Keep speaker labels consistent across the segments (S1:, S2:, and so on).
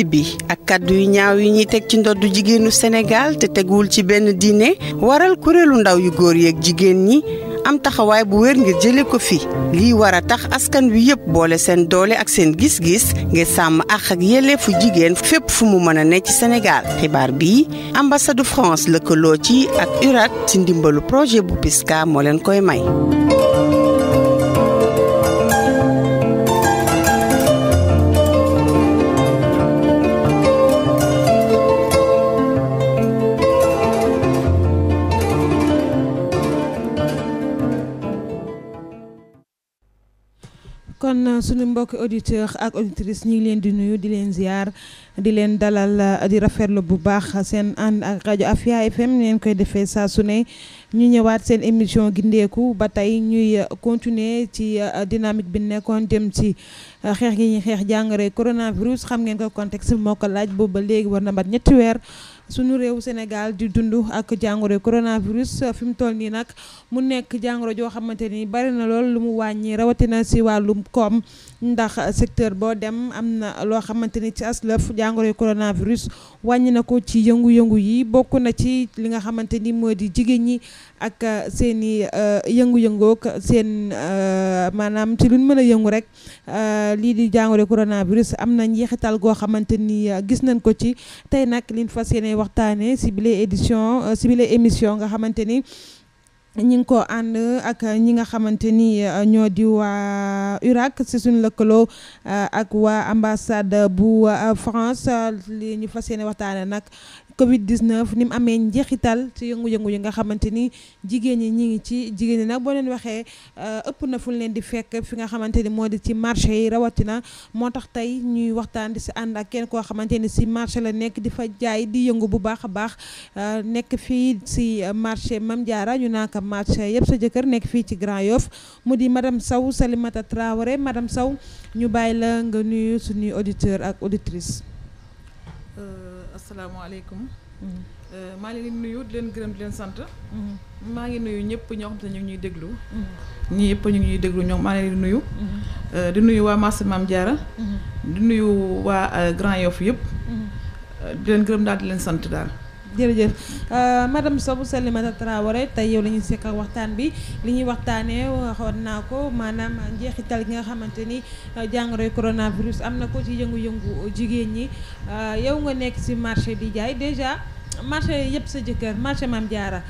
S1: tedd bi ak kàddu yu ñaaw yi ñuy teg ci ndoddu jigéenu Sénégal te tegul ci benn diine waral kuréelu ndaw yu góor yeeg jigéen ñi am taxawaay bu wér ngir jële ko fi lii war a tax askan wi yëpp boole seen doole ak seen gis-gis ngir sàmm àq ak yelleefu jigéen fépp fu mu mën a ne ci Sénégal xibaar bii ambasadu France lëkkaloo ci ak URAT ci ndimbalu projet bu PISCA moo leen koy may.
S2: kon suñu mbokki auditeurs ak auditrices ñu ngi leen di nuyu di leen ziar di leen dalal di rafetlu bu baax seen ànd ak rajo Afia FM leen koy defee saa su ne ñu ñëwaat seen émission gindeeku ba tey ñuy continuer ci uh, dynamique bi nekkoon dem ci uh, xeex gi ñuy xeex jàngoro coronavirus xam ngeen ko contexte moo ko laaj boobu ba léegi war na mat ñetti weer. sunu réew Sénégal di dund ak jàngoro coronavirus fi mu toll nii nag mu nekk jàngoro joo xamante ni bari na lool lu mu wàññi rawatina si wàllum koom ndax secteur boo dem am na loo xamante ni ci aslëf jàngoro coronavirus wàññi na ko ci yëngu-yëngu yi bokk na ci li nga xamante ni moo di jigéen ñi ak seen i euh, yëngu-yëngoog seen euh, maanaam ci luñ mën a yëngu rek Euh, lii di jàngoro coronavirus am na njeexital goo xamante nii euh, gis nañ ko ci tey nag liñ fas yéene waxtaanee si bile édition euh, si bile émission nga xamante ni. ñi ngi ko ànd ak ñi nga xamante ni ñoo di waa URAC si suñu lëkkaloo ak waa ambassade bu France li fas yéene waxtaane nag Covid 19 ni mu amee njeexital ci yëngu-yëngu yi nga xamante ni jigéen ñi ñu ngi ci jigéen ñi nag boo leen waxee euh, ëpp na fu leen di fekk fi nga xamante ni moo di ci marché yi rawatina moo tax tey ñuy waxtaan di si ànd ak kenn koo xamante ni si marché la nekk di fa jaay di yëngu bu baax a baax euh, nekk fii si euh, marché Mame Diarra ñu naan ko marché yëpp sa jëkkër nekk fii ci Grand Yoff mu di madame Sow Salimata Traoré madame saw ñu bàyyi la nga nuyu suñuy auditeur ak auditrice
S3: asalaamaaleykum Euh, maa ngi leen nuyu di leen gërëm di leen sant. Mm-hmm. maa ngi nuyu ñëpp ñoo xam te ñu ngi ñuy déglu. Mm-hmm. ñii yëpp ñu ngi ñuy déglu ñoom maa ngi leen di nuyu. Mm-hmm. Euh, di nuyu waa marché Maam Diarra. di nuyu waa euh, Grand Yoff yëpp. di leen gërëm daal di leen sant daal.
S2: jërëjëf euh, madame Sow Salimata Traoré tey yow la ñuy sekk waxtaan bi li ñuy waxtaanee waxoon naa ko maanaam njeexital gi nga xamante ni euh, jàngoroy coronavirus am na ko ci yëngu-yëngu jigéen ñi euh, yow nga nekk ci marché di jaay déjà marché yëpp sa jëkkër marché Mame Diarra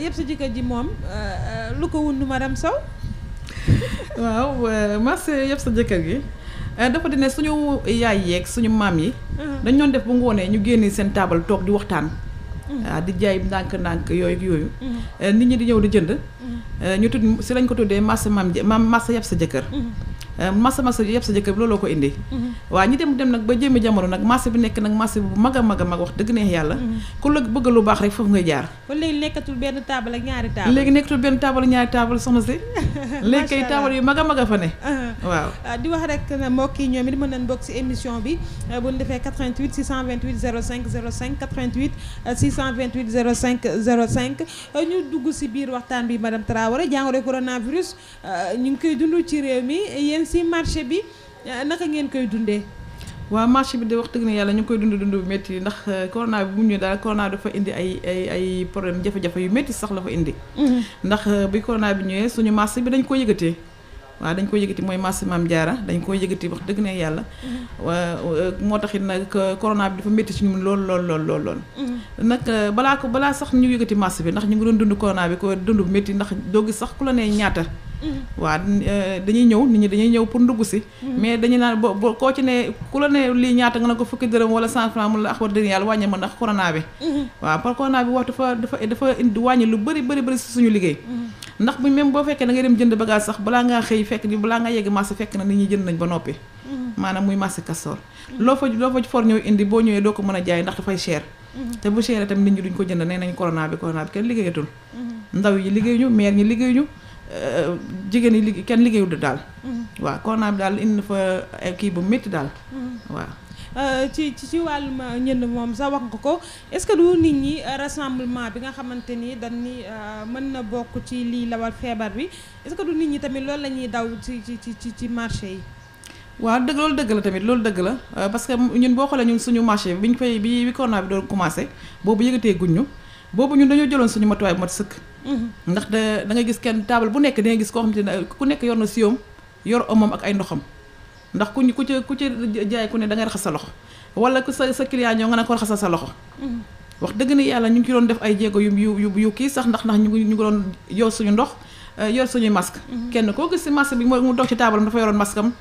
S2: yëpp sa jëkkër ji moom lu ko wundu madame saw
S3: waaw marché yëpp sa jëkkër gi. dafa di suñu yaay yeeg suñu maam yi.
S4: Uh-huh. dañ
S3: doon def bu ngoonee ñu génnee seen taabal toog di waxtaan. waaw mm-hmm. ah, di jaay ndànk-ndànk yooyu ak yooyu. Mm-hmm. Eh, nit ñi di ñëw di jënd. Mm-hmm. Eh, ñu tudd si lañ ko tuddee marché maam maam marché yab sa jëkkër. Euh, massa massa yëpp sa jëkkër bi looloo ko indi mm-hmm. waaw ñi dem dem nag ba jëmmi jamono nag marché bi nekk nag marché bu mag a mag a mag wax dëgg neex yàlla mm-hmm. ku la bëgg lu baax rek foofu ngay jaar
S2: kon léegi nekkatul benn taabal ak ñaari taabal léegi nekkatul
S3: benn taabal ak ñaari taabal soxna si
S2: léegi kay taabal yu mag a mag a fa ne uh-huh. waaw uh, di wax rek na mbokk yi ñoom it mën nañ bokk si émission bi uh, bu ñu defee 88 628 05 05 88 628 05 05 ñu dugg si biir waxtaan bi madame Traoré jàngoro coronavirus uh, ñu ngi koy dund ci réew mi yéen si marché bi euh, naka ngeen koy dundee. waaw marché bi de wax dëgg ne
S3: yàlla ñu ngi koy dund dund bu métti ndax euh, corona bi mu ñëwee daal corona dafa indi ay ay problème jafe yu métti sax la fa indi. Mhm. ndax euh, bi bi ñëwee suñu marché bi dañ ko yëgatee. waaw dañ ko yëgati mooy marché Maam Jaara dañ ko yëgati wax dëgg ne yàlla mhm. moo taxit nag corona bi dafa métti ci ñun lool lool lool lool lool mhm. nag balaa ko balaa sax ñu yëgati marché bi ndax ñu ngi doon dund corona bi ko dund bu métti ndax doo gis sax ku la nee ñaata Mm-hmm. waa euh, dañuy ñëw nit ñi dañuy ñëw pour ndugg si mm-hmm. mais dañu naan bo bo koo ci ne ku la ne lii ñaata nga ne ko fukki dërëm wala cent franc mun la ax war dëgg yàlla wàññi ma ndax corona bi mm-hmm. waaw par bi wax dafa dafa dafa indi bu même boo fekkee da ngay dem jënd bagage sax balaa ngaa xëy fekk ni balaa ngaa yegg marché fekk na nit ñi jënd nañ ba noppi maanaam muy marché Castor loo fa loo fa for ñëw indi boo ñëwee doo ko mën a jaay ndax dafay cher te bu cher itam nit ñi duñ ko jënd nee nañ corona kenn liggéeyatul Euh, jigéen yi liggéey kenn liggéeyul daal. Mm-hmm. waaw corona bi daal indi na fa eh, kii bu métti daal. Mm-hmm. waaw.
S2: Euh, ci ci wàllum euh, ñënd moom sax wax ko est-ce que du nit ñi rassemblement bi nga xamante ni dañ ni mën na bokk ci lii lawal feebar bi est-ce que du nit ñi tamit loolu la ñuy daw ci ci ci ci marché yi.
S3: waaw dëgg loolu dëgg la tamit loolu dëgg la parce que ñun boo xoolee ñun suñu marché bi ñu koy bi bi corona bi doon commencé boobu yëgatee guñ ñu boobu ñun dañoo jëloon suñu matuwaay bu mat ndax da da nga gis kenn taabal bu nekk da gis koo xam te ne ku nekk yor na siyoom yor omam ak ay ndoxam ndax ku ku ci ku ci jaay ku ne da ngay raxas sa loxo wala ku sa sa client ñoo nga ne ko raxasal sa loxo wax dëgg ni yàlla ñu ngi ci doon def ay jéego yu yu yu kii sax ndax ndax ñu ngi ñu ngi doon yor suñu ndox yor suñuy masque mhm. kenn koo gis si masque bi mooy mu toog ci taabalam dafa yoroon masque am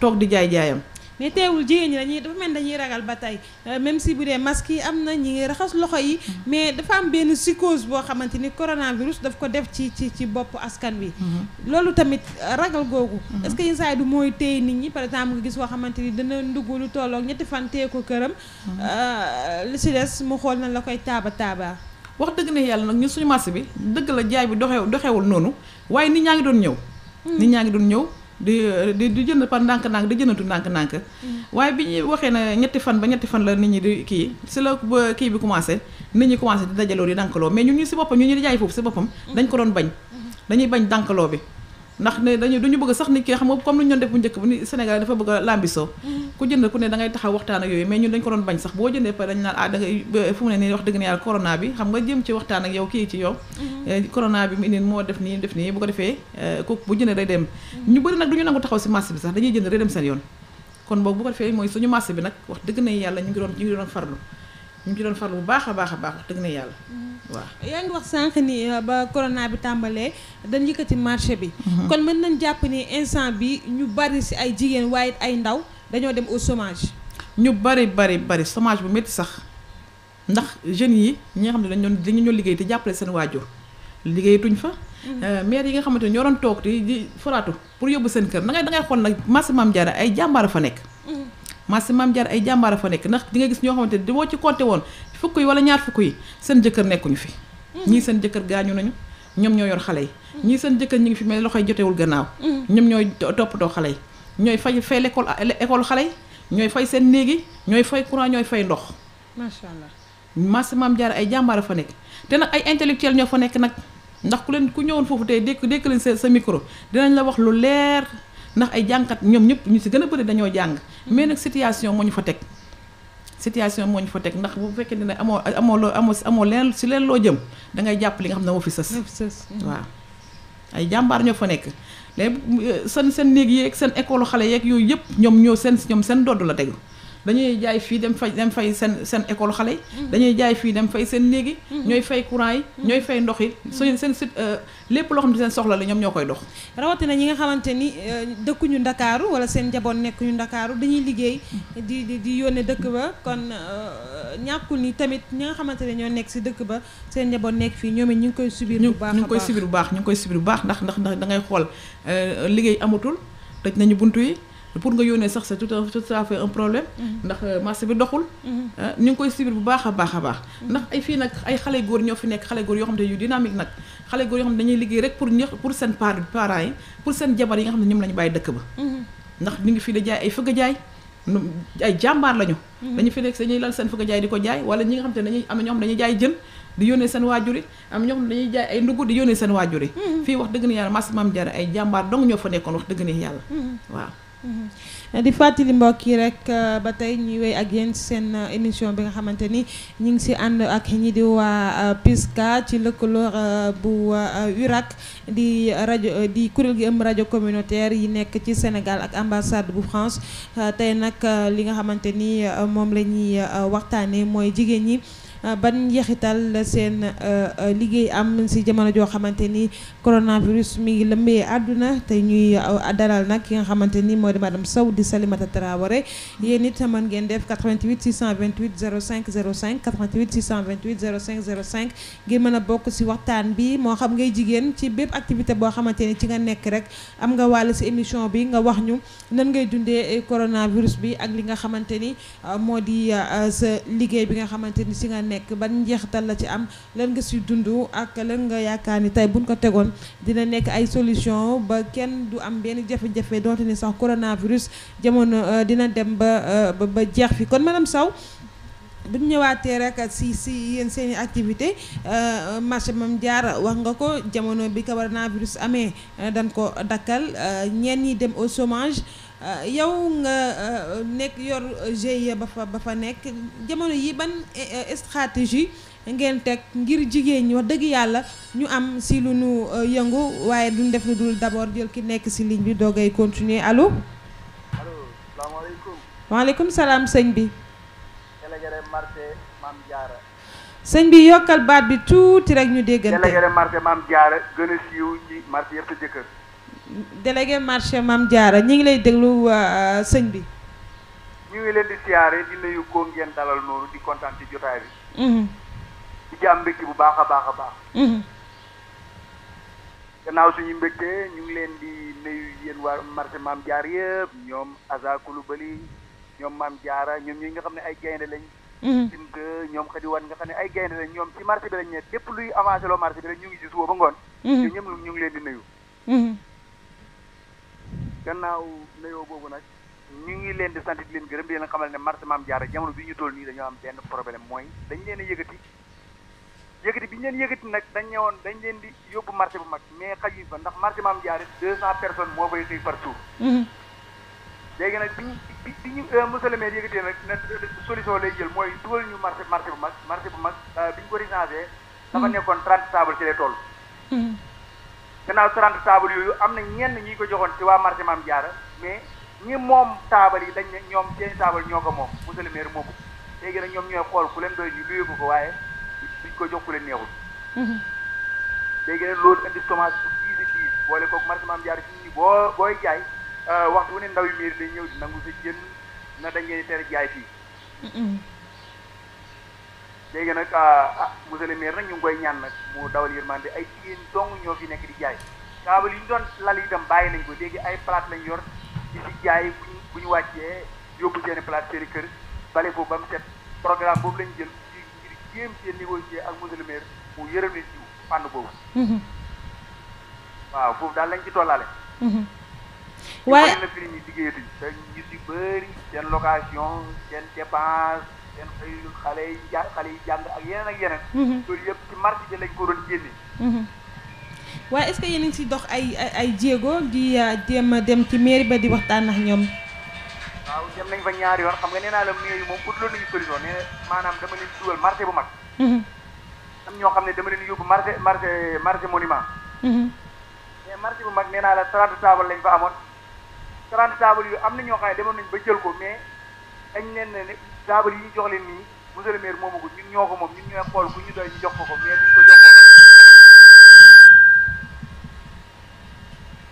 S3: toog di jaay jaayam
S2: mais teewul jigéen ñi dañuy dafa mel dañuy ragal ba tey euh, même si bu dee masque yi am na ñi raxas loxo yi mm-hmm. mais dafa am benn psychose boo xamante ni coronavirus daf ko def ci ci ci bopp askan wi
S5: mm-hmm.
S2: loolu tamit ragal googu mm-hmm. est-ce yi du mooy tey nit ñi par exemple nga gis koo xamante ni dina ndugg lu tolloog ñetti fan téye ko këram euh, li si des mu xool na la koy taaba taaba wax dëgg ne yàlla nag ñun suñu
S3: marché bi dëgg la jaay bi doxew doxewul noonu waaye nit ñaa ngi doon ñëw nit ñaa ngi doon ñëw di di jënd par ndànk-ndànk di jëndantu ndànk-ndànk mm. waaye bi ñu waxee na ñetti fan ba ñetti fan la nit ñi di kii si la kii bi commencé nit ñi commencé di dajaloo di dànkaloo mais ñun ñu si boppam ñu ñu di jaay foofu si boppam mm. dañ ko doon bañ mm-hmm. dañuy bañ dànkaloo bi ndax ne dañu duñu bëgg sax nit ki xam nga comme lu ñu doon def bu njëkk bu ni Sénégal dafa bëgg a lambisoo mm-hmm. ku jënd ku ne da taxaw waxtaan ak yooyu mais ñun dañ ko doon bañ sax boo jëndee pare dañu naan ah da ngay fu mu ne nii kii ci yow mm-hmm. eh, corona bi mu indi moo def nii def nii bu ko defee eh, ku bu jëndee day dem mm-hmm. ñu bëri nag duñu nangu taxaw si marché bi sax dañuy jënd day dem seen yoon kon boobu bu ko defee mooy suñu marché bi nag wax dëgg na yàlla ñu ngi doon ñu ngi doon farlu ñu ngi ci doon farlu bu baax a baax a baax wax dëgg na yàlla
S4: mm-hmm. waaw
S2: yaa ngi wax sànq ni euh, ba corona bi tàmbalee dañ yëkkati marché bi mm-hmm. kon mën nañ jàpp ni instant bi ñu bari si ay jigéen waaye ay ndaw dañoo dem au chômage ñu bari bari
S3: bari chômage bu metti sax ndax jeunes yi ñi xam ne dañu doon dañu doon liggéey te jàppale seen waajur liggéeyatuñ fa mm-hmm. euh, maire yi nga xamante ne ñoo doon toog di di foraatu pour yóbbu seen kër da ngay da ngay xool nag marché Mame ay jàmbaar fa nekk marché Mame Diarra ay jàmbaara fa nekk ndax di gis ñoo xamante ne boo ci compté woon fukk yi wala ñaar fukk yi seen jëkkër nekkuñu fi
S5: mm-hmm. ñii seen
S3: jëkkër gaañu nañu ñoom ñoo yor xale yi mm-hmm. ñii seen jëkkër ñi ngi fi mais loxoy jotewul gannaaw mm-hmm. ñoom ñooy toppatoo xale yi ñooy fay fay l'école école xale yi ñooy fay seen néegi ñooy fay courant ñooy fay ndox macha allah marché Mame Diarra ay jàmbaara fa nekk te nag ay intellectuel ñoo fa nekk nag ndax ku leen ku ñëwoon foofu tey dékk dékk leen sa sa micro dinañ la wax lu leer ndax ay jànqat ñoom ñëpp ñu si gën a bari dañoo jàng mais nag situation moo ñu fa teg situation moo ñu fa teg ndax bu fekkee ne amoo amoo loo amoo leen si leen loo jëm dangay jàpp li nga xam ne moo fi sës waaw ay jàmbaar ñoo fa nekk léegi euh, seen seen néeg yeeg seen école xale yeeg yooyu yëpp ñoom ñoo seen ñoom seen dodd la tegu dañuy jaay fii dem fay dem fay seen seen école xale yi mm-hmm. dañuy jaay fii dem fay seen néeg yi mm-hmm. ñooy fay courant yi mm-hmm. ñooy fay
S2: ndox yi suñu seen site euh, lépp loo xam ne seen soxla la ñoom ñoo koy dox rawatina ñi nga xamante ni euh, dëkkuñu ndakaaru wala seen njaboot nekkuñu ndakaaru dañuy liggéey di di di yónnee dëkk ba kon euh, ñàkkul ni tamit ñi nga xamante ne ñoo nekk si dëkk ba seen njaboot nekk fii ñoom it ñu ngi koy subir bu baax ñu ngi koy subir bu baax ñu ngi koy subir bu baax ndax ndax ndax dangay ngay xool liggéey amatul
S3: tëj nañu bunt yi pour nga yónnee sax c'est tout à tout problème. Mm-hmm. ndax euh, marché bi doxul. Mm-hmm. Euh, ñu ngi koy subir bu baax a baax a baax. Mm-hmm. ndax ay fii nag ay xale góor ñoo fi nekk xale góor yoo xam ne yu dynamique nag xale góor yoo xam ne dañuy liggéey rek pour ñë pour seen par parents yi pour seen jabar yi nga xam ne ñoom ay fëgg jaay. ay jàmbaar lañu. dañu fi nekk dañuy lal xam te dañuy am na ñoo xam dañuy jaay jën di yónnee seen waajur yi am ñoo xam dañuy jaay ay ndugg di yónnee seen waajur fii wax dëgg ni yàlla mas maam Jaara ay jàmbaar dong ñoo fa nekkoon wax dëgg ni
S2: yàlla
S5: Mm-hmm.
S2: di fàttali mbokk yi rek uh, ba tey ñuy wéy ak yéen seen uh, émission bi nga xamante ni ñu ngi si ànd ak ñi di waa uh, PISCA ci lëkkaloo bu URAC di rajo di kuréel gi ëmb rajo communautaire yi nekk ci Sénégal ak ambassade bu France tey nag li nga xamante ni moom la ñuy waxtaanee mooy jigéen ñi. Euh, ban njeexital la seen euh, euh, liggéey am si jamono joo xamante ni coronavirus mi ngi lëmbee àdduna te ñuy dalal nag ki nga xamante ni moo di madame Sow di Salimata Traoré yéen it mën ngeen def ngir mën a bokk si waxtaan bi moo xam ngay jigéen ci bépp activité boo xamante ni ci nga nekk rek am nga wàll si émission bi nga wax ñu nan ngay dundee eh, coronavirus bi ak li nga xamante ni moo di sa liggéey bi nga xamante ni si nga nekk nekk ban njeexital la ci am lan nga si dund ak lan nga yaakaar ni tey buñ ko tegoon dina nekk ay solution ba kenn du am benn jafe-jafe doonte ni sax coronavirus jamono euh, dina dem euh, ba ba jeex fi kon madame saw bu ñëwaatee rek si si yéen seen i activité euh, marché Mame Diarra wax nga ko jamono bi coronavirus amee dañ ko dakkal ñenn yi dem au chômage Euh, yow nga euh, nekk yor GIE ba fa ba fa nekk jamono yi ban euh, stratégie ngeen teg ngir jigéen ñi wax dëgg yàlla ñu am si lu nu yëngu waaye duñ def lu dul d'abord jël ki nekk si ligne bi doogay continuer allo.
S5: allo salaamaaleykum.
S2: waaleykum salaam sëñ bi.
S6: délégué marché
S2: bi yokkal baat bi tuuti rek ñu déggante.
S6: délégué marché Mame a siiw ci yëpp
S2: délégué marché Mame Diarra ñu ngi lay déglu euh, sëñ bi
S6: ñu ngi leen di siyaare di nuyu koo ngeen dalal noonu di kontaan ci jotaay bi mm-hmm. di jaam mbégte bu baax a baax a baax mm-hmm. gannaaw suñu mbégte ñu ngi leen di nuyu yéen waa marché Mame Diarra yëpp ñoom Aza Coulibaly ñoom Mame Diarra ñoom ñi nga xam ne ay gaynde lañ mm-hmm. sim que ñoom xadi wan nga xam ne ay gaynde lañ ñoom ci marché bi lañ ne lépp luy avancé loo marché bi lañ ñu ngi ci suba ba ngoon ñu ñëm ñu ngi leen di nuyu gannaaw nuyoo boobu nag ñu ngi leen di sant di leen gërëm di leen xamal ne marché Mame Diarra jamono bi ñu toll nii dañoo am benn problème mooy dañ leen a yëkkati yëkkati bi ñu leen yëkkati nag dañ ñëwoon dañ leen di yóbbu marché bu mag mais xajuñ fa ndax marché Mame Diarra deux cent personnes moo fay xëy par mm-hmm. léegi nag bi ñu bi ñu euh, monsieur le maire yëkkatee nag na euh, solution lay jël mooy dugal ñu marché marché bu mag marché bu mag euh, bi ñu ko recensé dafa mm-hmm. nekkoon trente table ci lay toll mm-hmm. gannaaw 30 taabal yooyu am na ñenn ñi ko joxoon ci waa marché Maam Jaara mais ñi moom taabal yi dañ ne ñoom seen taabal ñoo ko moom monsieur le maire moomu léegi nag ñoom ñooy xool ku leen doy ñu luye ko ko waaye duñ ko jox ku leen neexul. Mhm. léegi nag loolu indi semence bu diis a diis boole koog marché Maam Jaara ci ñi boo booy jaay euh, wax wu ne ndaw yu miir day ñëw di nangu sa jën na dañ leen tere jaay fii. Mhm. léegi nag a ah, ah, monsieur le maire ñu ngi ñaan nag mu dawal yërmande ay jigéen dong ñoo fi nekk di jaay kaabal yi ñu doon lal itam bàyyi nañ ko léegi ay plate lañ yor di di jaay bu ñu bu ñu wàccee yóbbu seen plate seen kër bale foofu ba mu set programme boobu lañ jël ngir jéem seen négocier ak monsieur le maire mhm. lañ ci tollaale. Mhm. waaye ñu bëri na prix yi liggéeyatuñ. si bëri seen location seen dépense. seen xëy xale yi jàng ak yeneen ak yeneen. Mhm. loolu yëpp ci marché bi lañ ko doon génne.
S2: Mhm. waaye est-ce que yéen a ngi si dox ay ay jéego di euh, jéem a dem ci mairie ba di waxtaan ak ñoom.
S6: waaw dem nañ fa ñaari yoon xam nga nee naa la mairie moom ut loolu nañu solution nee maanaam dama leen dugal marché bu mag. Mhm. am ñoo xam ne dama leen yóbbu marché marché marché monument.
S7: mais
S6: marché bu mag nee naa la 30 taabal lañ fa amoon 30 taabal yu am na ñoo xam ne demoon nañ ba jël ko mais dañ leen ne. saabal yi ñu jox leen nii monsieur le maire ko ñun ñoo ko moom ñun ñooy xool ku ñu doy ñu jox ko ko mais ko jox ko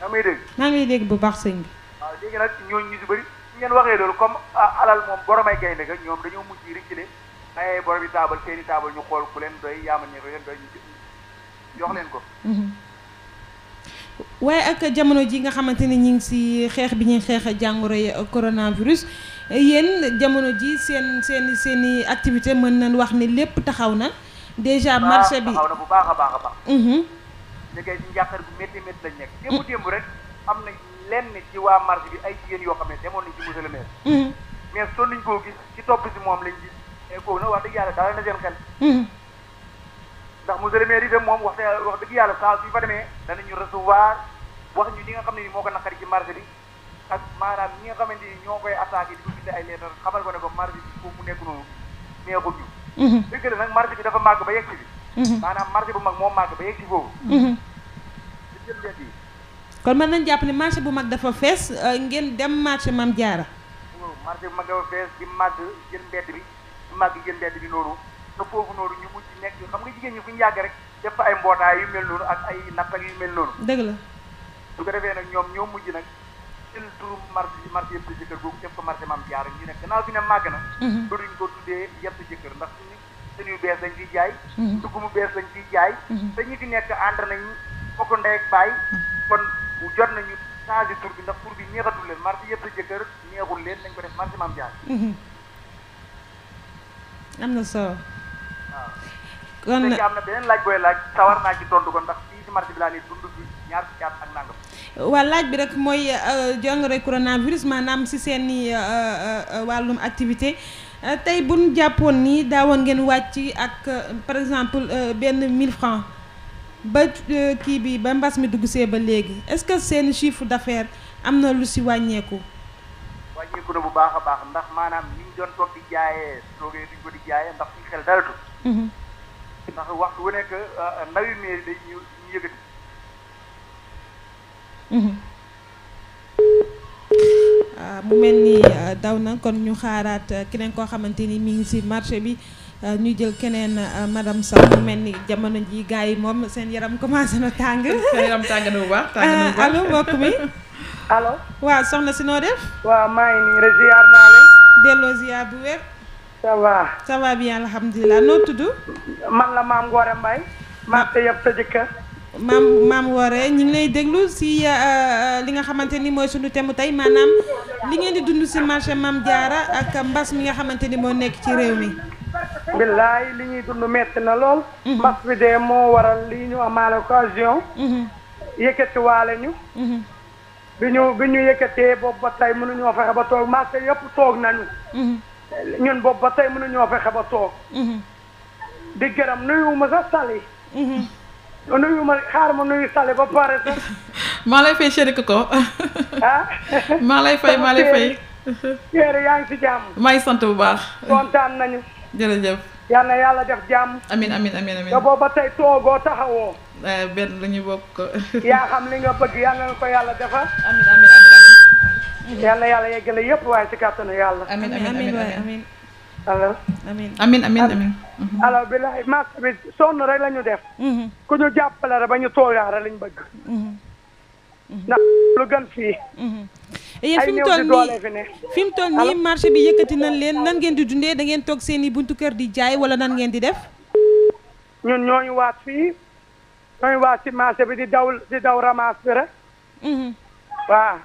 S6: yaa may
S2: dégg. maa ngi lay dégg bu baax sëñ bi.
S6: waaw léegi nag ñooñu ñu si bëri su ngeen waxee loolu comme ah, alal moom boromay gaynde ga ñoom dañoo mujj reculer ay boromi taabal saabal i taabal ñu xool ku leen doy yaamal ne ku leen doy jox leen ko.
S2: Mhm. waaye ak jamono ji nga xamante ne ñu ngi si xeex bi ñuy xeex jàngoro yi coronavirus. yéen jamono ji seen seen seen i activité mën nañ wax ni lépp taxaw na déjà ah, marché bi taxaw na bu baax a baax a baax
S7: mhm.
S6: liggéey ci njàqar bu métti métti lañ nekk démb démb rek am na lenn ci waa marché bi ay jigéen yoo xam ne demoon nañ ci monsieur le maire mhm. mais soo luñ koo gis ci topp si moom lañ gis kooku nag wax dëgg yàlla daal na seen xel mhm. ndax monsieur le maire moom wax wax dëgg yàlla saa su fa demee danañu recevoir wax ñu li nga xam ne ni moo ko naqari ci marché bi ak maanaam ñi nga xamante ni ñoo koy attaqué di ko bind ay leetar xamal ko ne ko marché bi foofu mu nekk noonu neexut ñu dëgg mhm. la nag marché bi dafa màgg ba yegg si bi mhm. bu mag moo màgg ba yegg si foofu mhm. di jël leet yi
S2: kon mën nañ jàpp ne marché bu mag dafa fees euh, ngeen dem marché Mame Diarra
S6: marché bu mag dafa fees di màgg jël mbedd bi di màgg jël mbedd bi noonu te foofu noonu ñu mujj nekk xam nga jigéen ñi fu ñu yàgg rek def fa ay mbootaay yu mel noonu ak ay nappal yu mel noonu dëgg la su ko defee nag ñoom ñoo mujj nag jël turu marché marché yëpp jëkkër googu def ko marché maam jaara ñu ne gannaaw bi ne màgg na duñ mhm. ko tuddee yëpp jëkkër ndax suñu suñuy bees lañ fiy jaay mhm. dugg mu bees lañ fiy jaay mhm. te ñi fi nekk ànd nañu bokk ndey ak kon jot nañu changé tur bi ndax tur bi neexatul leen marché yëpp jëkkër neexul leen dañ ko def marché maam jaara am na solo waaw kon am na sawar ko ndax fii si marché bi laa ne
S2: waa laaj bi rek mooy euh, jàngoroy coronavirus maanaam si seeni i euh, euh, wàllum activité tey bu jàppoon ni daawoon ngeen wàcc ak par exemple benn 1000 francs ba kii bi ba mbas mi dugg see ba léegi est-ce que seen chiffre d'affaires am na lu si wàññeeku.
S6: wàññeeku na bu baax baax ndax maanaam ni doon toog di jaayee toogee duñ di jaayee ndax suñu xel dalatu.
S7: Mhm.
S2: Ah, mu mel ni ah, daw na kon ñu xaaraat ah, keneen koo xamante ni mi ngi ci marché bi ñu jël keneen madame Sow mu mel ni jamono ji gars yi moom seen yaram commencé na tàng. seen yaram tàng na bu baax tàng na bu baax mi. allo waaw soxna si noo def. waaw maa ngi nii rek ziar naa bu wér. ça va. ça va noo tudd. man la maam
S8: Ngoore Mbaye. marché yëpp sa jëkkër.
S2: maam maam Woré ñu ngi lay déglu si euh, euh, li nga xamante ni mooy sunu thème tey maanaam li ngeen di dund si marché Mame Diarra ak mbas mi nga xamante ni moo nekk ci réew
S8: mi. billaay li ñuy dund metti na lool. Mhm. mbas bi dee moo waral lii ñu amaale occasion. Mhm. yëkkatiwaale ñu. Mhm. bi ñu bi ñu yëkkatee boobu ba tey mënuñoo fexe ba toog marché yëpp toog nañu. ñun boobu ba tey mënuñoo fexe ba toog. di gërëm nuyuwuma sax sali. nuyu ma xaar ma nuyu sale ba pare sax.
S3: maa lay fay chéri Coco. ah. maa lay fay maa lay fay.
S8: chéri yaa ngi ci jàmm. maa sant bu baax. kontaan nañu. jërëjëf. yal na yàlla def jàmm. amin amin amin amin. te booba tey toogoo taxawoo. Eh, benn la
S3: ñu bokk. yaa
S8: xam li nga bëgg yal na ko yàlla defal. amin amin yàlla yeggale yépp waaye si kàttanu yàlla. amin amin amin. allo amin amin amin amin alors mhm. billahi mars bi sonn rek la def mhm. ku ñu jàppale rek ba ñu tooyaare lañ bëgg mhm. ndax lu gën fii eh, yéen fi nii fi mu toll
S2: nii bi yëkkati nañ leen nan ngeen di dundee da ngeen toog seen i
S8: buntu kër di jaay wala nan ngeen di def ñun ñooñu waat fii ñooñu waat ci marché bi di daw di daw ramasse bi rek waaw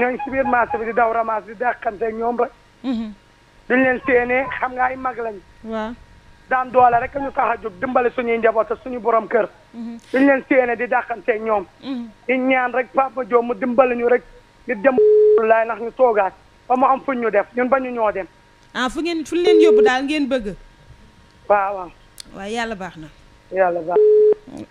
S8: ñooñu si biir marché bi di daw ramasse di dàqante ñoom rek duñ leen séenee xam nga ay mag lañ. waaw daan doole rek ñu tax a jóg dimbale suñuy njaboot suñu boroom kër. Mhm. duñ leen séenee di dàqanteeg ñoom. Mhm. di ñaan rek Papa Diop mu dimbali ñu rek ñu dem laay ndax ñu toogaat ba mu am fuñ ñu def ñun ba ñu ñoo dem. ah fu ngeen fu leen yóbbu daal ngeen bëgg. waaw waaw. waaw yàlla baax na. yàlla baax.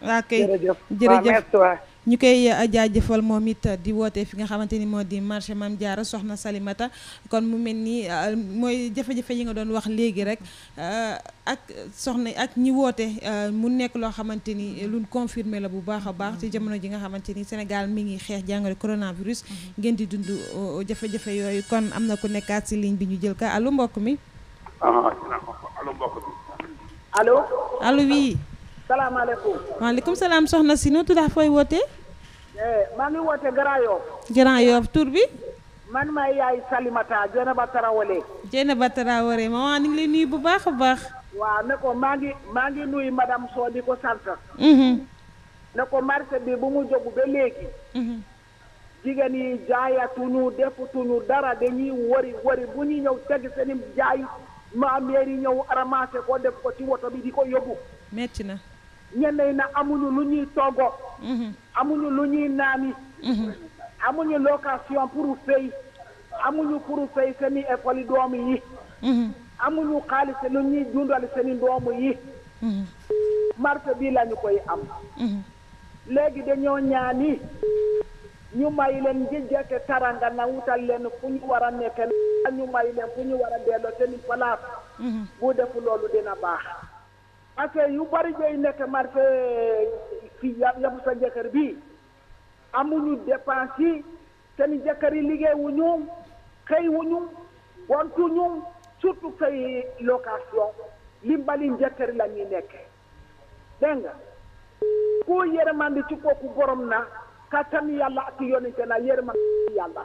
S8: waa kay
S4: jërëjëf jërëjëf
S2: ñu koy euh, jaajëfal moom it di woote fi nga xamante ni moo di marché Mame Diarra soxna Salimata kon mu mel nii euh, mooy jafe-jafe yi nga doon wax léegi rek euh, ak soxna ak ñi woote mu nekk loo xamante ni luñ confirmé la bu baax a baax ci jamono ji nga xamante ni Sénégal mi ngi xeex jàngoro coronavirus mm-hmm. ngeen di dund jafe-jafe yooyu kon am na ku nekkaat si ligne bi ñu jël ka ah, allo mbokk mi
S9: allo mbokk
S2: mi salaamaaleykum. maaleykum salaam soxna si noo tudda fooy wootee. Eh, maa ngi woote Grand Yoff. Grand Yoff tur bi. man maay yaay Salimata Dieynaba Traoré. Dieynaba Traoré maman ni ngi lay nuyu
S10: bu baax a baax. waaw ne ko maa ngi maa ngi nuyu madame di ko sant. Mhm. ne ko marché bi bu mu jóg ba léegi. Mhm. jigéen yi jaayatuñu defutuñu dara dañuy wari wari bu ñu ñëw teg seen jaay maam yi ñëw ramasser ko def ko ci woto bi di ko yóbbu. metti na. ñenn na amuñu lu ñuy toggo mhm. amuñu lu ñuy naani mhm. amuñu location pour fay amuñu pour fay seen i école yi mhm. amuñu xaalis lu ñuy dundal seen i doom yi marché bi lañu koy am léegi dañoo ñaani ñu may leen njëjjake taranga na wutal leen fu ñu war a nekke ñu may fu ñu war a delloo seen i place bu def loolu dina baax marché yu bari ñooy nekk marché fii yabu jëkkër bi amuñu dépense yi seen jëkkër yi liggéey wuñu xëy wuñu wontuñu surtout kay location li mbali jëkkër la ñuy nekk dégg nga ku yërmande ci kooku borom na kattan yàlla ak yonente na yërmande yàlla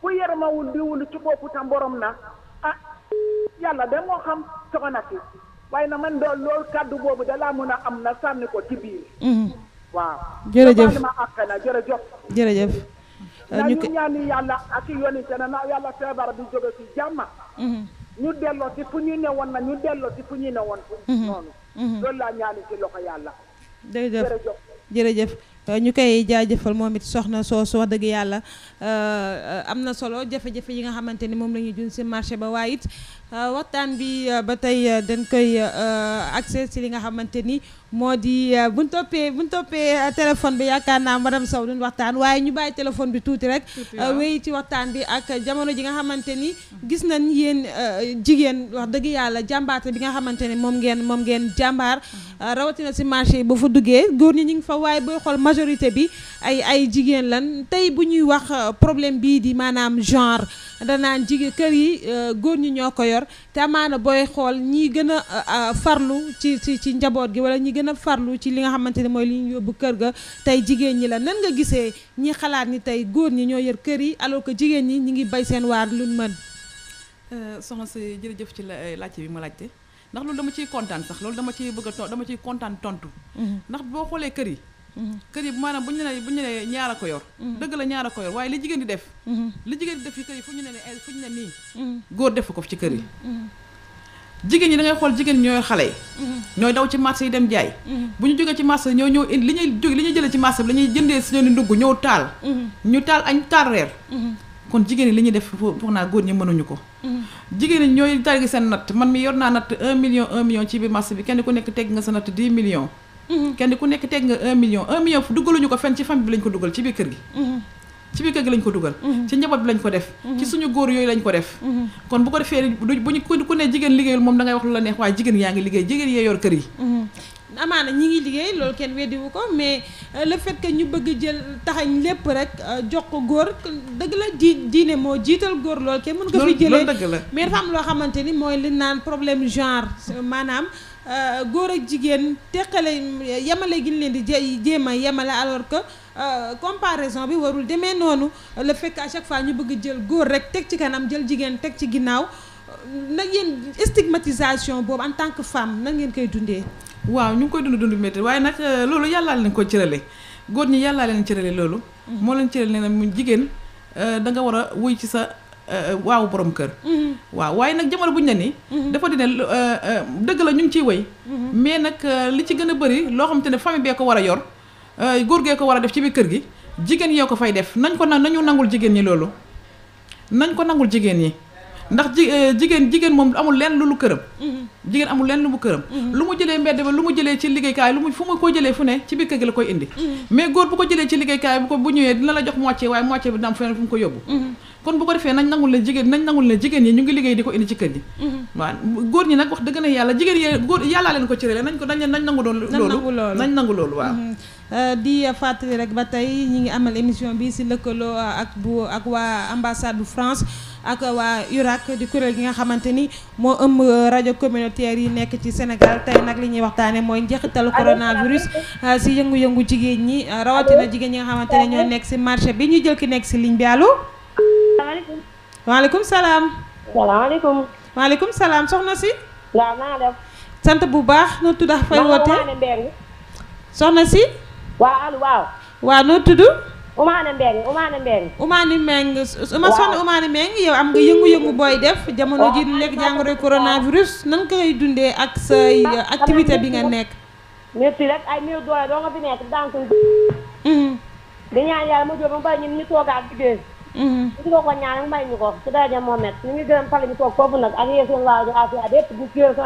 S10: ku yërmawul di wul ci kooku tam borom na ah yàlla de moo xam soxna si waaye na man dool loolu kàddu boobu dalaa mën a am na sànni ko ci biir mhm. waaw jërëjëf ma àq na jërëjëf
S2: jërëjëf ñu
S10: ñaani yàlla ak yonite na na yàlla feebara bi jóge ci jàmm mhm. ñu delloo ci fu ñu ne woon na ñu delloo si fu ñu ne woon fu mhm. noonu loolu laa ñaani ci loxo yàlla
S7: jërëjëf
S2: jërëjëf Euh, ñu koy jaajëfal moom it soxna soo soo dëgg yàlla euh, am na solo jafe-jafe yi nga xamante ni moom la ñuy jun si marché ba waaye it euh, waxtaan bi ba tey dañ koy accès si li nga xamante ni moo di euh, bu ñu toppee bu ñu toppee euh, téléphone bi yaakaar naa madame Sow duñ waxtaan waaye ñu bàyyi téléphone bi tuuti rek euh, wéy ci waxtaan bi ak jamono ji nga xamante ni gis nañ yéen jigéen wax dëgg yàlla jàmbaate bi nga xamante ni moom ngeen moom ngeen jàmbaar rawatina si marché yi ba fa duggee góor ñi ñu ngi fa waaye booy xool majorité bi ay ay jigéen lan tey bu ñuy wax problème bii di maanaam genre danaan jigéen kër yi góor ñi ñoo ko yor te amaana booy xool ñi gën a farlu ci ci ci njaboot gi wala ñi gën a farlu ci li nga xamante ne mooy li ñu yóbbu kër ga tey jigéen ñi la nan nga gisee ñi xalaat ni tey góor ñi ñoo yor kër yi alors que jigéen ñi ñu ngi bay seen waar luñ mën
S3: euh, soxna si jërëjëf ci la euh, laajte bi ma laajte ndax loolu dama ciy kontaan sax loolu dama ciy bëgga a dama ciy kontaan tontu mm-hmm. ndax boo xoolee kër yi kër yi maanaam bu ñu nee bu ñu nee ñaar a ko yor mm-hmm. dëgg la ñaar a ko yor waaye li jigéen di def mm-hmm. li jigéen di def ci kër yi fu ñu ne ne fu ñu ne nii mm-hmm. góor defu ko ci kër yi jigéen ñi da ngay xool jigéen ñooy xale yi ñooy ci marché yi dem jaay bu ñu jógee ci marché ñoo ñëw indi li ñuy jóg li ñuy jëlee ci marché bi la ñuy jëndee si ñooni ndugg ñëw taal ñu taal añ taal reer kon jigéen yi li ñuy def foog naa góor ñi mënuñu ko jigéen ñi ñooy tàggi seen natt man mi yor naa natt un million un million ci biir marché bi kenn ku nekk teg nga sa natt dix Mm-hmm. kenn ku nekk teg nga un million un million fu ko fenn ci famille bi lañ ko dugal ci biir kër gi mm-hmm. ci biir kër gi lañ ko dugal mm-hmm. ci njaboot bi lañ ko def ci suñu góor yooyu lañ ko def kon bu ko defee bu ñu ku ne jigéen liggéeyul moom da ngay wax lu
S2: la neex waaye jigéen yaa ngi liggéey jigéen yee yor kër yi amaana ñi ngi liggéey loolu kenn weddiwu ko mais euh, le fait ñu bëgg jël taxañ lépp rek euh, jox ko góor dëgg la di diine moo jiital góor loolu kenn mën ko fi jëlee mais loo xamante ni mooy li naan problème genre maanaam Euh, góor ak jigéen teqale yemale gi leen di jéem a yemale alors que euh, comparaison bi warul demee noonu le fekk à chaque fois ñu bëgg jël góor rek teg ci kanam jël jigéen teg ci ginnaaw euh, na ngeen stigmatisation boobu en tant que femme na ngeen koy dundee. waaw ñu ngi koy dund dund métti waaye nag loolu yàllaa leen ko
S3: cërale góor ñi yàllaa leen cërale loolu. Mm-hmm. moo leen cërale ne mu jigéen da nga war a wuy ci sa. Euh, euh, waaw borom kër. Mhm. waaw waaye nag jamono buñ ne ni. Mhm. dafa di ne euh, dëgg la ñu ngi ciy wéy. Mhm. mais nag li ci gën a bari loo xamante ne famille bee ko war a yor góor gee ko war a def ci biir kër gi jigéen yee ko fay def nañ ko na nañu nangul jigéen ñi loolu nañ ko nangul jigéen ñi. ndax ji jigéen jigéen moom amul leen lu mu këram jigéen amul leen lu mu këram lu mu jëlee mbedd ba lu mu jëlee ci liggéeykaay lu fu mu ko jëlee fu ne ci biir kër gi la koy indi mais bu ko jëlee ci liggéeykaay bu ko bu ñëwee dina la jox moitié waaye moitié am feneen ko yóbbu kon bu ko defee nañ nangul la jigéen nañ nangul ne jigéen ñi ñu ngi liggéey di ko indi ci kër mhm. góor ñi nag wax
S2: dëgg na yàlla jigéen yi góor yàllaa leen ko cëralee nañ ko nañ nañ nangu loolu nañ
S3: nangu loolu waaw mhm.
S2: euh, di fàttali rek ba tey ñi ngi amal émission bi si lëkkaloo ak bu ak waa ambassade bu France ak waa URAC di kuréel gi nga xamante ni moo ëmb rajo communautaire yi nekk ci Sénégal tey nag li ñuy waxtaane mooy njeexitalu coronavirus euh, si yëngu-yëngu jigéen ñi rawatina jigéen ñi nga xamante ne ñoo nekk si marché bi ñu jël ki nekk si ligne bi allo salaamaaleykum. waaleykum salaam. salaamaaleykum. waaleykum salaam soxna si. waaw naa def. sant bu baax noo tudd ak fay woote soxna si. waaw allo waaw. waaw noo tudd. Oumane Mbengue Oumane Mbengue. Oumane Mbengue uma soxna Oumane Mbengue yow am nga yëngu-yëngu booy def jamono ji nekk jàngoro coronavirus nan ngay dundee ak say euh, activité bi nga nekk. métti rek
S11: ay fi nekk daan suñu. Mm-hmm. di ñu ko ko ñaanal may ñu ko ci daraja Mohamed ñu ngi gërëm pale bi toog foofu nag ak yéen seen waa ji Afia bépp bu jërëjëf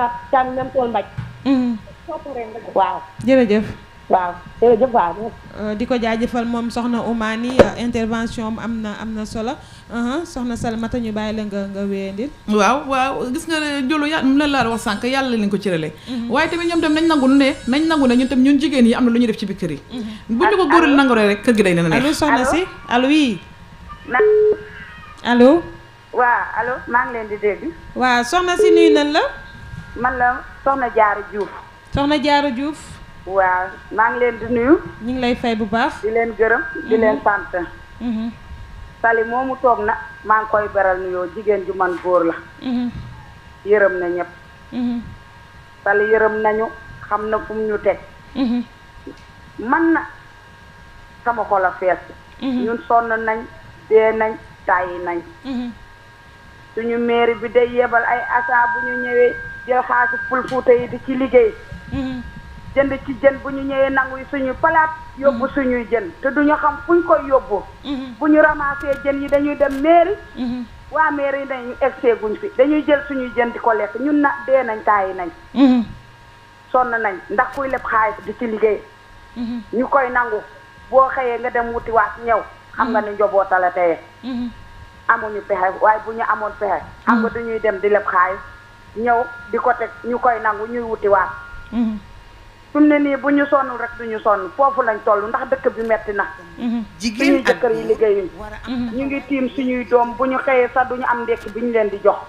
S2: waaw jërëjëf euh, di ko jaajëfal moom soxna Oumani euh, intervention am na am na solo uh-huh. soxna Salimata ñu bàyyi la nga nga wéyandil waaw waaw gis nga
S3: jolu yàlla mu la laa wax sànq yàlla lañ ko cëralee mm-hmm. waaye tamit ñoom dem nañ nangu ne nañ nangu ne ñun tam ñun jigéen yi am na lu ñuy def ci biir kër yi
S4: mm-hmm.
S2: bu ñu ko góoril nangu rek kër gi day ne
S4: na soxna si
S2: allo yi allo.
S11: waaw allo maa ngi leen di dégg.
S2: waaw soxna si nuyu nan la.
S11: man la soxna Diarra Diouf. soxna Diarra Diouf. waa maa ngi leen di nuyu. ñu ngi lay fay bu baax. di leen gërëm di leen mhm. sant. Mhm. Sali moomu toog na maa ngi koy beral yoo jigéen ju man góor la. Mhm. yërëm na ñëpp. Sali yërëm nañu xam na fu ñu teg. man na sama xol a fees. ñun sonn nañ. dee nañ tàyyi nañ mm-hmm. suñu mairie bi day yebal ay asa bu ñu ñëwee jël xaasu pul fuuta yi di ci liggéey mm-hmm. jënd ci jën bu ñu ñëwee nanguy suñu palaat yóbbu mm-hmm. suñuy jën te duñu xam fuñ koy yóbbu bu ñu ramassé jën yi dañuy dem mairie waa mairie yi nañu egg guñ fi dañuy jël suñuy jën di ko ñun na dee nañ tàyyi nañ sonn nañ ndax kuy leb xaalis di ci liggéey ñu koy nangu boo xëyee nga dem wutiwaat waat ñëw xam nga ni njobootala teye mm-hmm. amuñu pexe waaye bu ñu amoon pexe xam nga mm-hmm. duñuy dem di leb xaalis ñëw di ko teg ñu koy nangu ñuy wuti waat mm-hmm. fi nii bu ñu sonnul rek duñu sonn foofu lañ toll ndax dëkk bi metti na suñuy jëkkër yi liggéeyuñ ñu ngi tiim suñuy doom bu ñu xëyee sax duñu am ndekki bi ñu leen di jox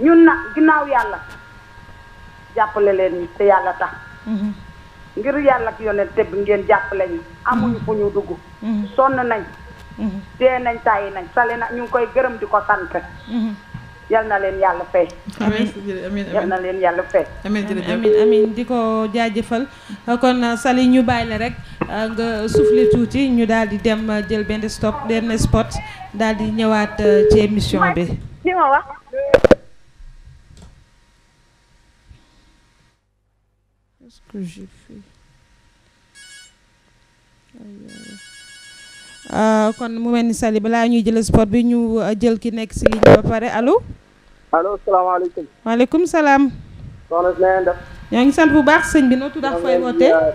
S11: ñun na ginnaaw yàlla jàppale leen te yàlla tax ngir yàlla ak yonent te bi ngeen jàppale ñu. amuñu fu ñu dugg. Mhm. sonn nañ. Mhm. dee nañ tàyyi nañ sale
S2: na ñu ngi koy gërëm di ko sant. Mhm. yal na leen yàlla fay. amiin amiin yal leen yàlla fay. amiin amiin amiin di ko jaajëfal kon Sali ñu bàyyi la rek ah, nga soufflé tuuti ñu daal di dem ah, jël benn stop benn spot daal di ñëwaat ah, ci émission bi. li ma wax. que j'ai fait. Ah, kon mu mel ni Sali balaa ñuy jël sport bi ñu euh, jël ki nekk si ligne ba pare allo. allo salaamaaleykum. waaleykum salaam. soxna si na ngeen def. ñoo ngi sant bu baax sëñ bi noo tudd ak fooy wootee. Euh,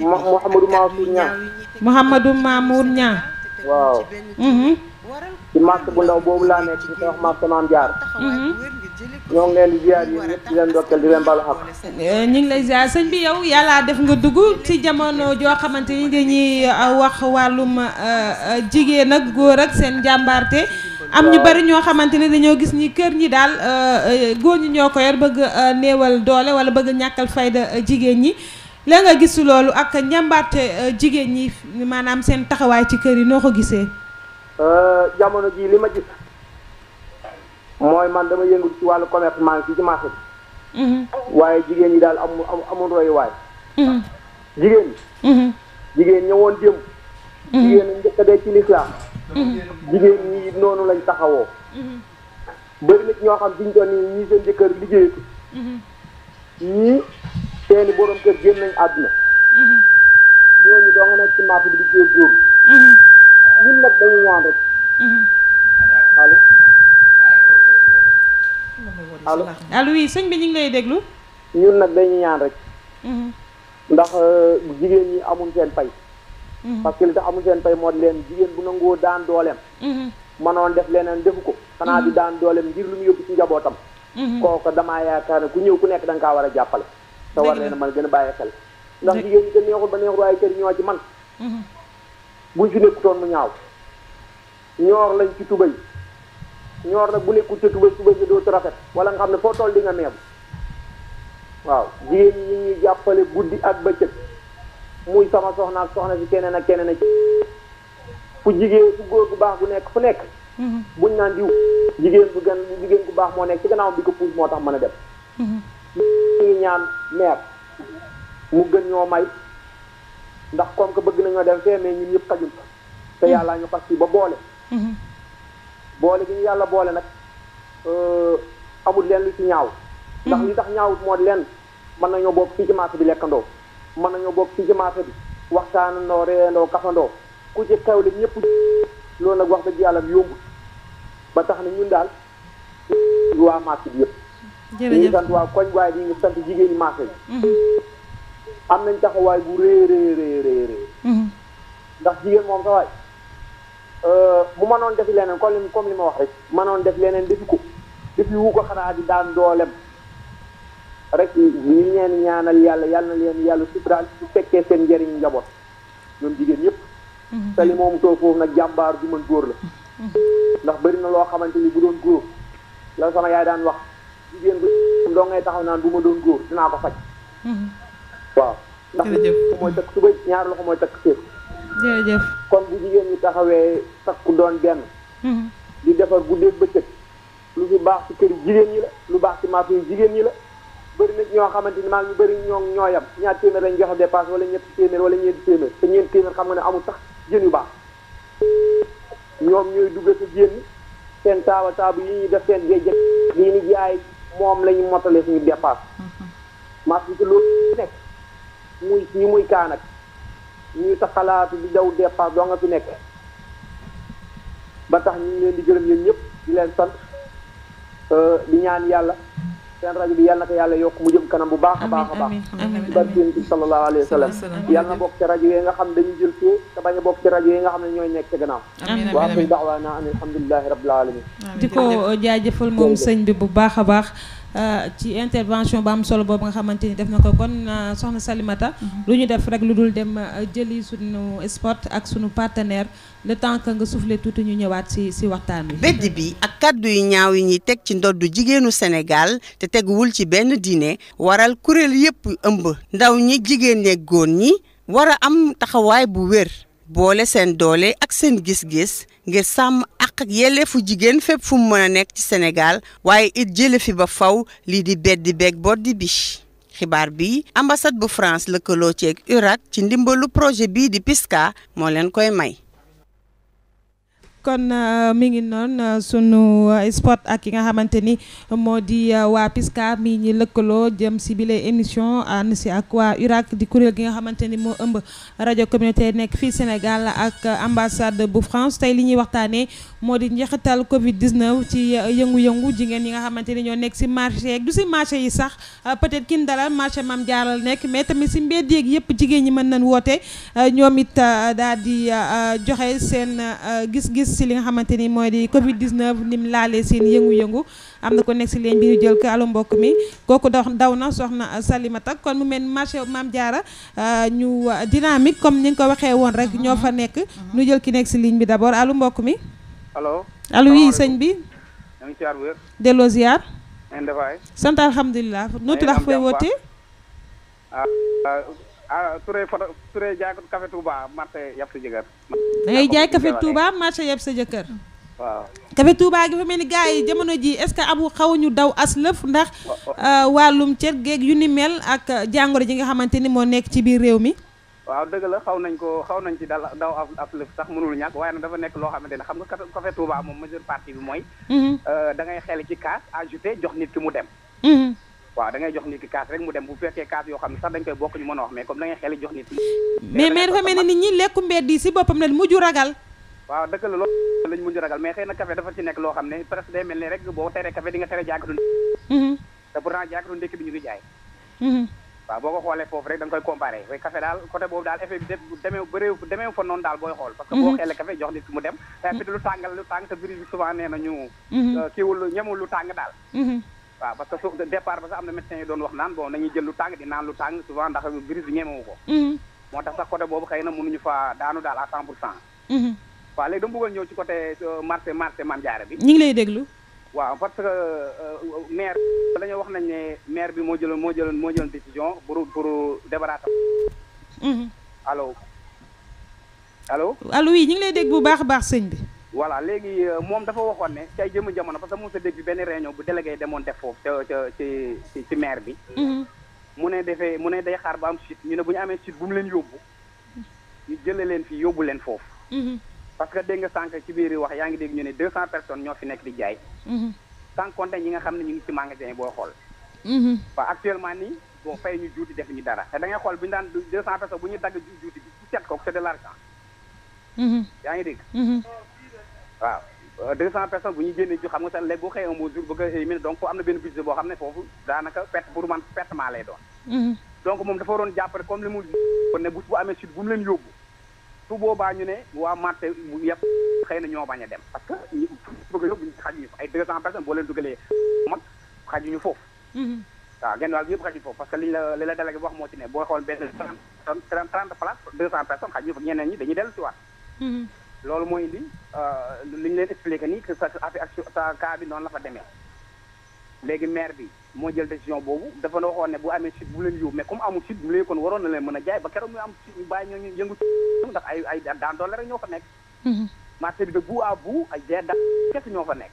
S2: Mouhamadou Mamour Niang. Mouhamadou Mamour Niang. waaw. Mhm.
S12: ci marché bu ndaw boobu laa nekk ñu koy wax marché Mame Diarra. Mhm. ñoo ngi leen di ziar yéen ñëpp di leen ndokkeel di leen baalu xaq.
S2: Euh, ñu ngi lay ziar sëñ bi yow yàlla def nga dugg ci jamono joo xamante ni dañuy euh, wax wàllum euh, jigéen ak góor ak seen jàmbaarte. am ñu bari ñoo xamante ne dañoo gis ni kër ñi daal góor ñi ñoo ko yor bëgg néewal doole wala bëgg ñàkkal fayda jigéen ñi. la nga gisu loolu ak njàmbaarte jigéen ñi maanaam seen taxawaay ci kër yi noo ko gisee.
S12: jamono mooy man dama yëngu ci wàllu commerce maa ngi ci ci marché bi.
S7: Mhm. waaye
S12: jigéen ñi daal amu amul royuwaay. Mhm. jigéen ñi. Mhm. jigéen ñëwoon démb. jigéen ñi a ci lislaam. jigéen ñi noonu lañ taxawoo. bëri nit ñoo xam biñ doon nii ñii seen jëkkër liggéeyatu. ñii seeni borom kër génn nañ àdduna. ñooñu doo nga nag dañu ñaan rek. allo
S2: allo ah, oui sëñ bi ñu ngi déglu.
S12: ñun nag dañuy ñaan rek. Mhm. ndax euh, jigéen ñi amul seen pay. Mhm. parce que li tax amul seen pay moo leen jigéen bu nangoo daan dooleem. mënoon mhm. def leneen defu ko. xanaa di daan dooleem ngir lu mu yóbbu ci njabootam. kooku damaa yaakaar ne ku ñëw ku nekk da nga kaa war a jàppale. te war leen man gën a bàyyi xel. ndax jigéen ñi te neexul ba neexul waaye kër ñoo ci man. buñ fi nekkutoon mu ñaaw. ñoor lañ ci tubay. ñoor nag bu nekkul ca tuba tuba ji dootu rafet wala nga xam ne foo toll di nga meebu waaw jigéen ñi ñuy jàppale guddi ak bëccëg muy sama soxna ak soxna si keneen ak keneen ak fu jigéen fu góor bu baax bu nekk fu nekk mhm. buñ naan diw jigéen bu gën jigéen bu baax moo nekk ci gannaawam bi ko puus moo tax mën a dem mhm. ñu ñaan meer mu gën ñoo may ndax comme que bëgg nañoo dem fee mais ñu ñëpp xajul te mhm. yàllaa ñu xas ci ba boole boole gi ñu yàlla boole nag euh, amul leen lu ci ñaaw ndax li tax ñaawut moo leen mën nañoo bokk fii ci marché bi lekkandoo mën nañoo bokk fii ci marché bi waxtaanandoo reendoo kafandoo ku ci xewle ñëpp loolu nag wax dëgg yàlla yomb ba tax na ñun daal waa marché bi yëpp ñu ngi sant waa koñ waaye di ngi sant jigéeni marché bi mm-hmm. am nañ taxawaay bu rëy rëy rëy rëy mm-hmm. ndax jigéen moom sa waay bu euh, mënoon def leneen comme li comme li ma wax rek mënoon def leneen defi ko defi wu ko xanaa di daan doolem rek ñu leen ñaanal yàlla yàlla na leen yàlla suturaal su fekkee seen njëriñ njaboot ñoom jigéen yëpp mhm. te li moom too foofu nag jàmbaar ju mën góor la mhm. ndax bëri na loo xamante bu doon góor la sama yaay daan wax jigéen bu doo taxaw naan bu ma doon góor dinaa ko faj mhm. waaw ndax mooy takk subay ñaar loxo mooy takk séet jërëjëf kon bu jigéen taxawee takku doon benn mm-hmm. di defar guddeeg bëccëg lu fi baax ci jigéen ñi lu baax ci marché jigéen ñi la bëri na ñoo xamante ni maa ngi bëri ñoo ñoo yam ñaar téeméer lañ joxe dépense wala ñetti téeméer wala ñeenti téeméer te ñeenti téeméer xam nga ne amul sax jën yu baax ñoom ñooy dugg sa génn seen taaba taabu yi ñuy def seen géej lii ni jaay moom la ñu mottalee suñu dépense mm-hmm. marché loolu nekk muy ñi muy kaan ak ñuy sa xalaatu di daw dépasse doo nga fi nekk ba tax ñu ngi leen di gërëm yéen ñëpp di leen sant euh, di ñaan yàlla seen rajo bi yàlla na ko yàlla yokk mu jëm kanam bu baax a baax a baax
S5: a barke
S12: yonent bi sallallahu alayhi yàlla ci rajo yi nga xam dañu jël fee te bañ a ci rajo yi nga xam ne ñooy nekk ci gannaaw waaw da'waana an
S6: alhamdulillahi rabbil alamin di ko
S2: jaajëfal moom sëñ bi bu baax a baax Euh, ci intervention bu am solo boobu nga xamante ni def na ko kon euh, soxna Salimata mhm. lu ñu def rek lu dul dem euh, jëli sunu spot ak sunu partenaire le temps que nga soufflé tuuti ñu ñëwaat si si
S1: waxtaan wi. bedd bi ak kàddu yu ñaaw yi ñuy teg ci ndoddu jigéenu Sénégal te teguwul ci benn diine waral kuréel yëpp ëmb ndaw ñi jigéen ñeeg góor ñi war a am taxawaay bu wér. boole seen doole ak seen gis-gis ngir sàmm ak yelleefu jigéen fépp fu mu a nekk ci Sénégal waaye it jële fi ba faw lii di beddi beeg boddi bi xibaar bi ambassade bu France lëkkaloo ceeg URAC ci ndimbalu projet bii di PISCA moo leen koy may
S2: kon euh, mu ngi noon euh, sunu euh, sport ak yi nga xamante ni moo di waa Pisca mi ñi lëkkaloo jëm si bile émission ànd ak waa URAC di kuréel gi nga xamante ni moo ëmb rajo communautaire nekk fii Sénégal ak ambassade bu France tey li ñuy waxtaanee. moo di njeexital Covid 19 ci euh, yëngu-yëngu jigéen yi nga xamante ni ñoo nekk si marché yeeg du si marché yi sax euh, peut-être kin dalal marché Mame Diarra nekk mais tamit si mbedd yëpp jigéen ñi mën nañ woote euh, ñoom it daal di joxe seen gis-gis si li nga xamante ni mooy di Covid 19 ni mu laalee seen yëngu-yëngu am na ko nekk si ligne bi ñu jël ko allo mbokk mi kooku daw daw na soxna Salimata kon mu mel marché Mame Diarra ñu dynamique comme ni nga ko waxee woon rek ñoo fa nekk. Mm-hmm. ñu jël ki nekk si ligne bi d'abord allo mbokk mi. allo. allo oui sëñ bi. na nga ziar bu wér. delloo ziar.
S9: na ngeen def waay. sant
S2: alhamdulilah. noo tudd ak
S9: ah, ah, jaay ko café Touba marché yab sa jëkkër.
S2: da ngay jaay café gi fa mel ni gars yi jamono ji est-ce que abu xaw ñu daw aslëf ndax oh, oh. Euh, wàllum cet geeg yu ni mel ak jàngoro ji nga xamante ni moo nekk ci biir réew mi.
S9: waaw dëgg la xaw nañ ko xaw nañ ci dal daw af af lëf sax mënul ñàkk waaye nag dafa nekk loo xamante ne xam nga café Touba moom mesure partie bi mooy mhm. euh, da ngay xel ci kaas nit ki mu dem mhm. waaw da ngay jox nit ki kaas rek mu dem bu fekkee kaas yoo xam ne sax dañ koy bokk ñu mën a wax mais comme da ngay xel jox nit ki
S7: mais
S2: mais dafa
S9: la loolu lañ mais xëy na café dafa ci nekk loo xam ne presque day mel ni rek boo teree café di nga tere jàkkatu mhm. te pourtant jàkkatu ndékki bi ñu ngi jaay waaw boo ko xoolee foofu rek da nga koy comparé waaye café daal côté boobu daal effet bi de fa noonu daal booy xool parce que mhm. boo xeele café jox nit mu dem te pit lu lu tàng am na médecins wax naan bon lu tàng di naan lu tàng souvent ndax virus bi ñemewu ko mhm. moo tax sax côté boobu xëy na mënuñu fa daanu daal à cent pour cent mhm. waaw léegi dama bëggoon ñëw ci côté euh, marché marché Mame Diarra bi ñu déglu waaw parce que euh, maire la ñu wax nañ ne maire bi moo jëloon moo jëloon moo jëloon décision pour pour débarrasser. Mhm. allo allo. allo yi ñu lay dégg bu
S2: baax a baax sëñ bi.
S9: voilà léegi euh, moom dafa waxoon ne ci ay jëmm jamono parce que moom sa dégg benn réunion bu délégué demoon def foofu ca ca ci ci maire bi. Mhm. mu ne defee mu ne day xaar ba am suite ñu ne bu ñu amee suite bu mu leen yóbbu ñu leen fii yóbbu leen foofu. Mhm. parce que dégg nga sànq ci biir wax yaa ngi dégg ñu ne deux cent personnes ñoo fi nekk di jaay mhm. sans compter ñi nga xam ne ñu ngi ci magasin boo xool waaw mhm. actuellement nii bon fay ñu juuti def ñu dara te da ngay xool bu ñu daan deux cent personnes bu ñu dagg juuti bi ci seet ko c'est de l'argent mhm. yaa ngi dégg waaw euh, deux cent personnes bu ñu génnee ju xam nga sax léegi boo xëyee un beau jour bëgg a éliminer donc am na benn budget boo xam ne foofu daanaka perte pour man pertement lay
S5: doon
S9: donc jàppale comme li mu su boobaa ñu ne waa marché yëpp xëy na ñoo bañ a dem parce que ñu bëgg a yóbbu xajuñu fa ay deux cent personnes boo leen dugalee mag xajuñu foofu mhm. waaw genn wàll bi yëpp xajuñu foofu parce que liñ la li la délégué bi wax moo ci ne boo xool benn trente trente place deux cent personnes xajuñu fa ñeneen ñi dañuy dellu si waat mhm. loolu euh, li ñu leen expliqué nii que sa affaire sa bi noonu la fa demee léegi maire bi moo jël décision boobu dafa na waxoon ne bu amee site bu leen yóbbu mais comme amul site bu leen kon waroon leen mën a jaay ba keroog ñu am site ñu bàyyi ñooñu ay ay daan doole ñoo fa nekk mhm. marché bi de bout à bout ay jaay daan kekk ñoo fa nekk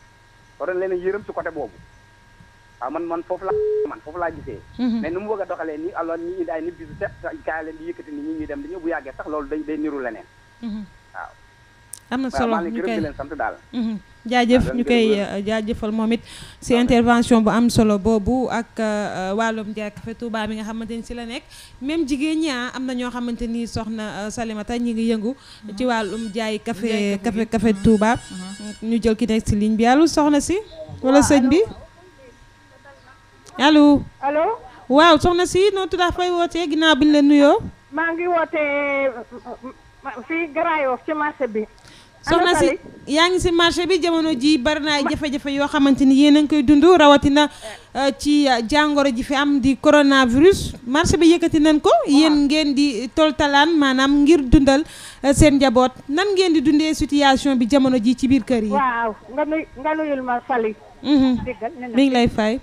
S9: waroon na leen yërëm ci côté boobu waaw ah, man man foofu laa man foofu laa gisee mhm. mais nu mu bëgg a doxalee nii alors ñi indi ay nit bisu set kaay leen di yëkkati ni ñi ñuy dem dañu bu yàggee sax loolu day day niru leneen
S7: mhm. am na solo ñu koy sant daal mhm.
S9: jaajëf ñu koy
S2: euh, jaajëfal moom it si intervention bu am solo boobu ak euh, wàllum Ndiakafé Touba bi nga xamante ni si la nekk même jigéen ñi ah, am na ñoo xamante ni soxna euh, Salimata ñi ngi yëngu ci mhm. wàllum jaay café café café Touba mhm. ñu jël ki nekk si ligne bi allo soxna si wala sëñ bi allo allo waaw soxna si noo tudd fay wootee ginnaaw bi ñu nuyoo maa ngi wootee fii Garaayof ci marché bi soxna si yaa ngi si marché bi jamono ji bari na ay jafe-jafe yoo xamante ni yéen a koy dund rawatina eh. Eh, ci eh, jàngoro ji fi am di coronavirus marché bi yëkkati nañ ko yéen ngeen di toltalaan maanaam ngir dundal seen njaboot nan ngeen di dundee situation bi jamono ji ci biir kër yi waaw nga nuy nga nuyul ma Fally mm-hmm.
S11: mi ngi lay fay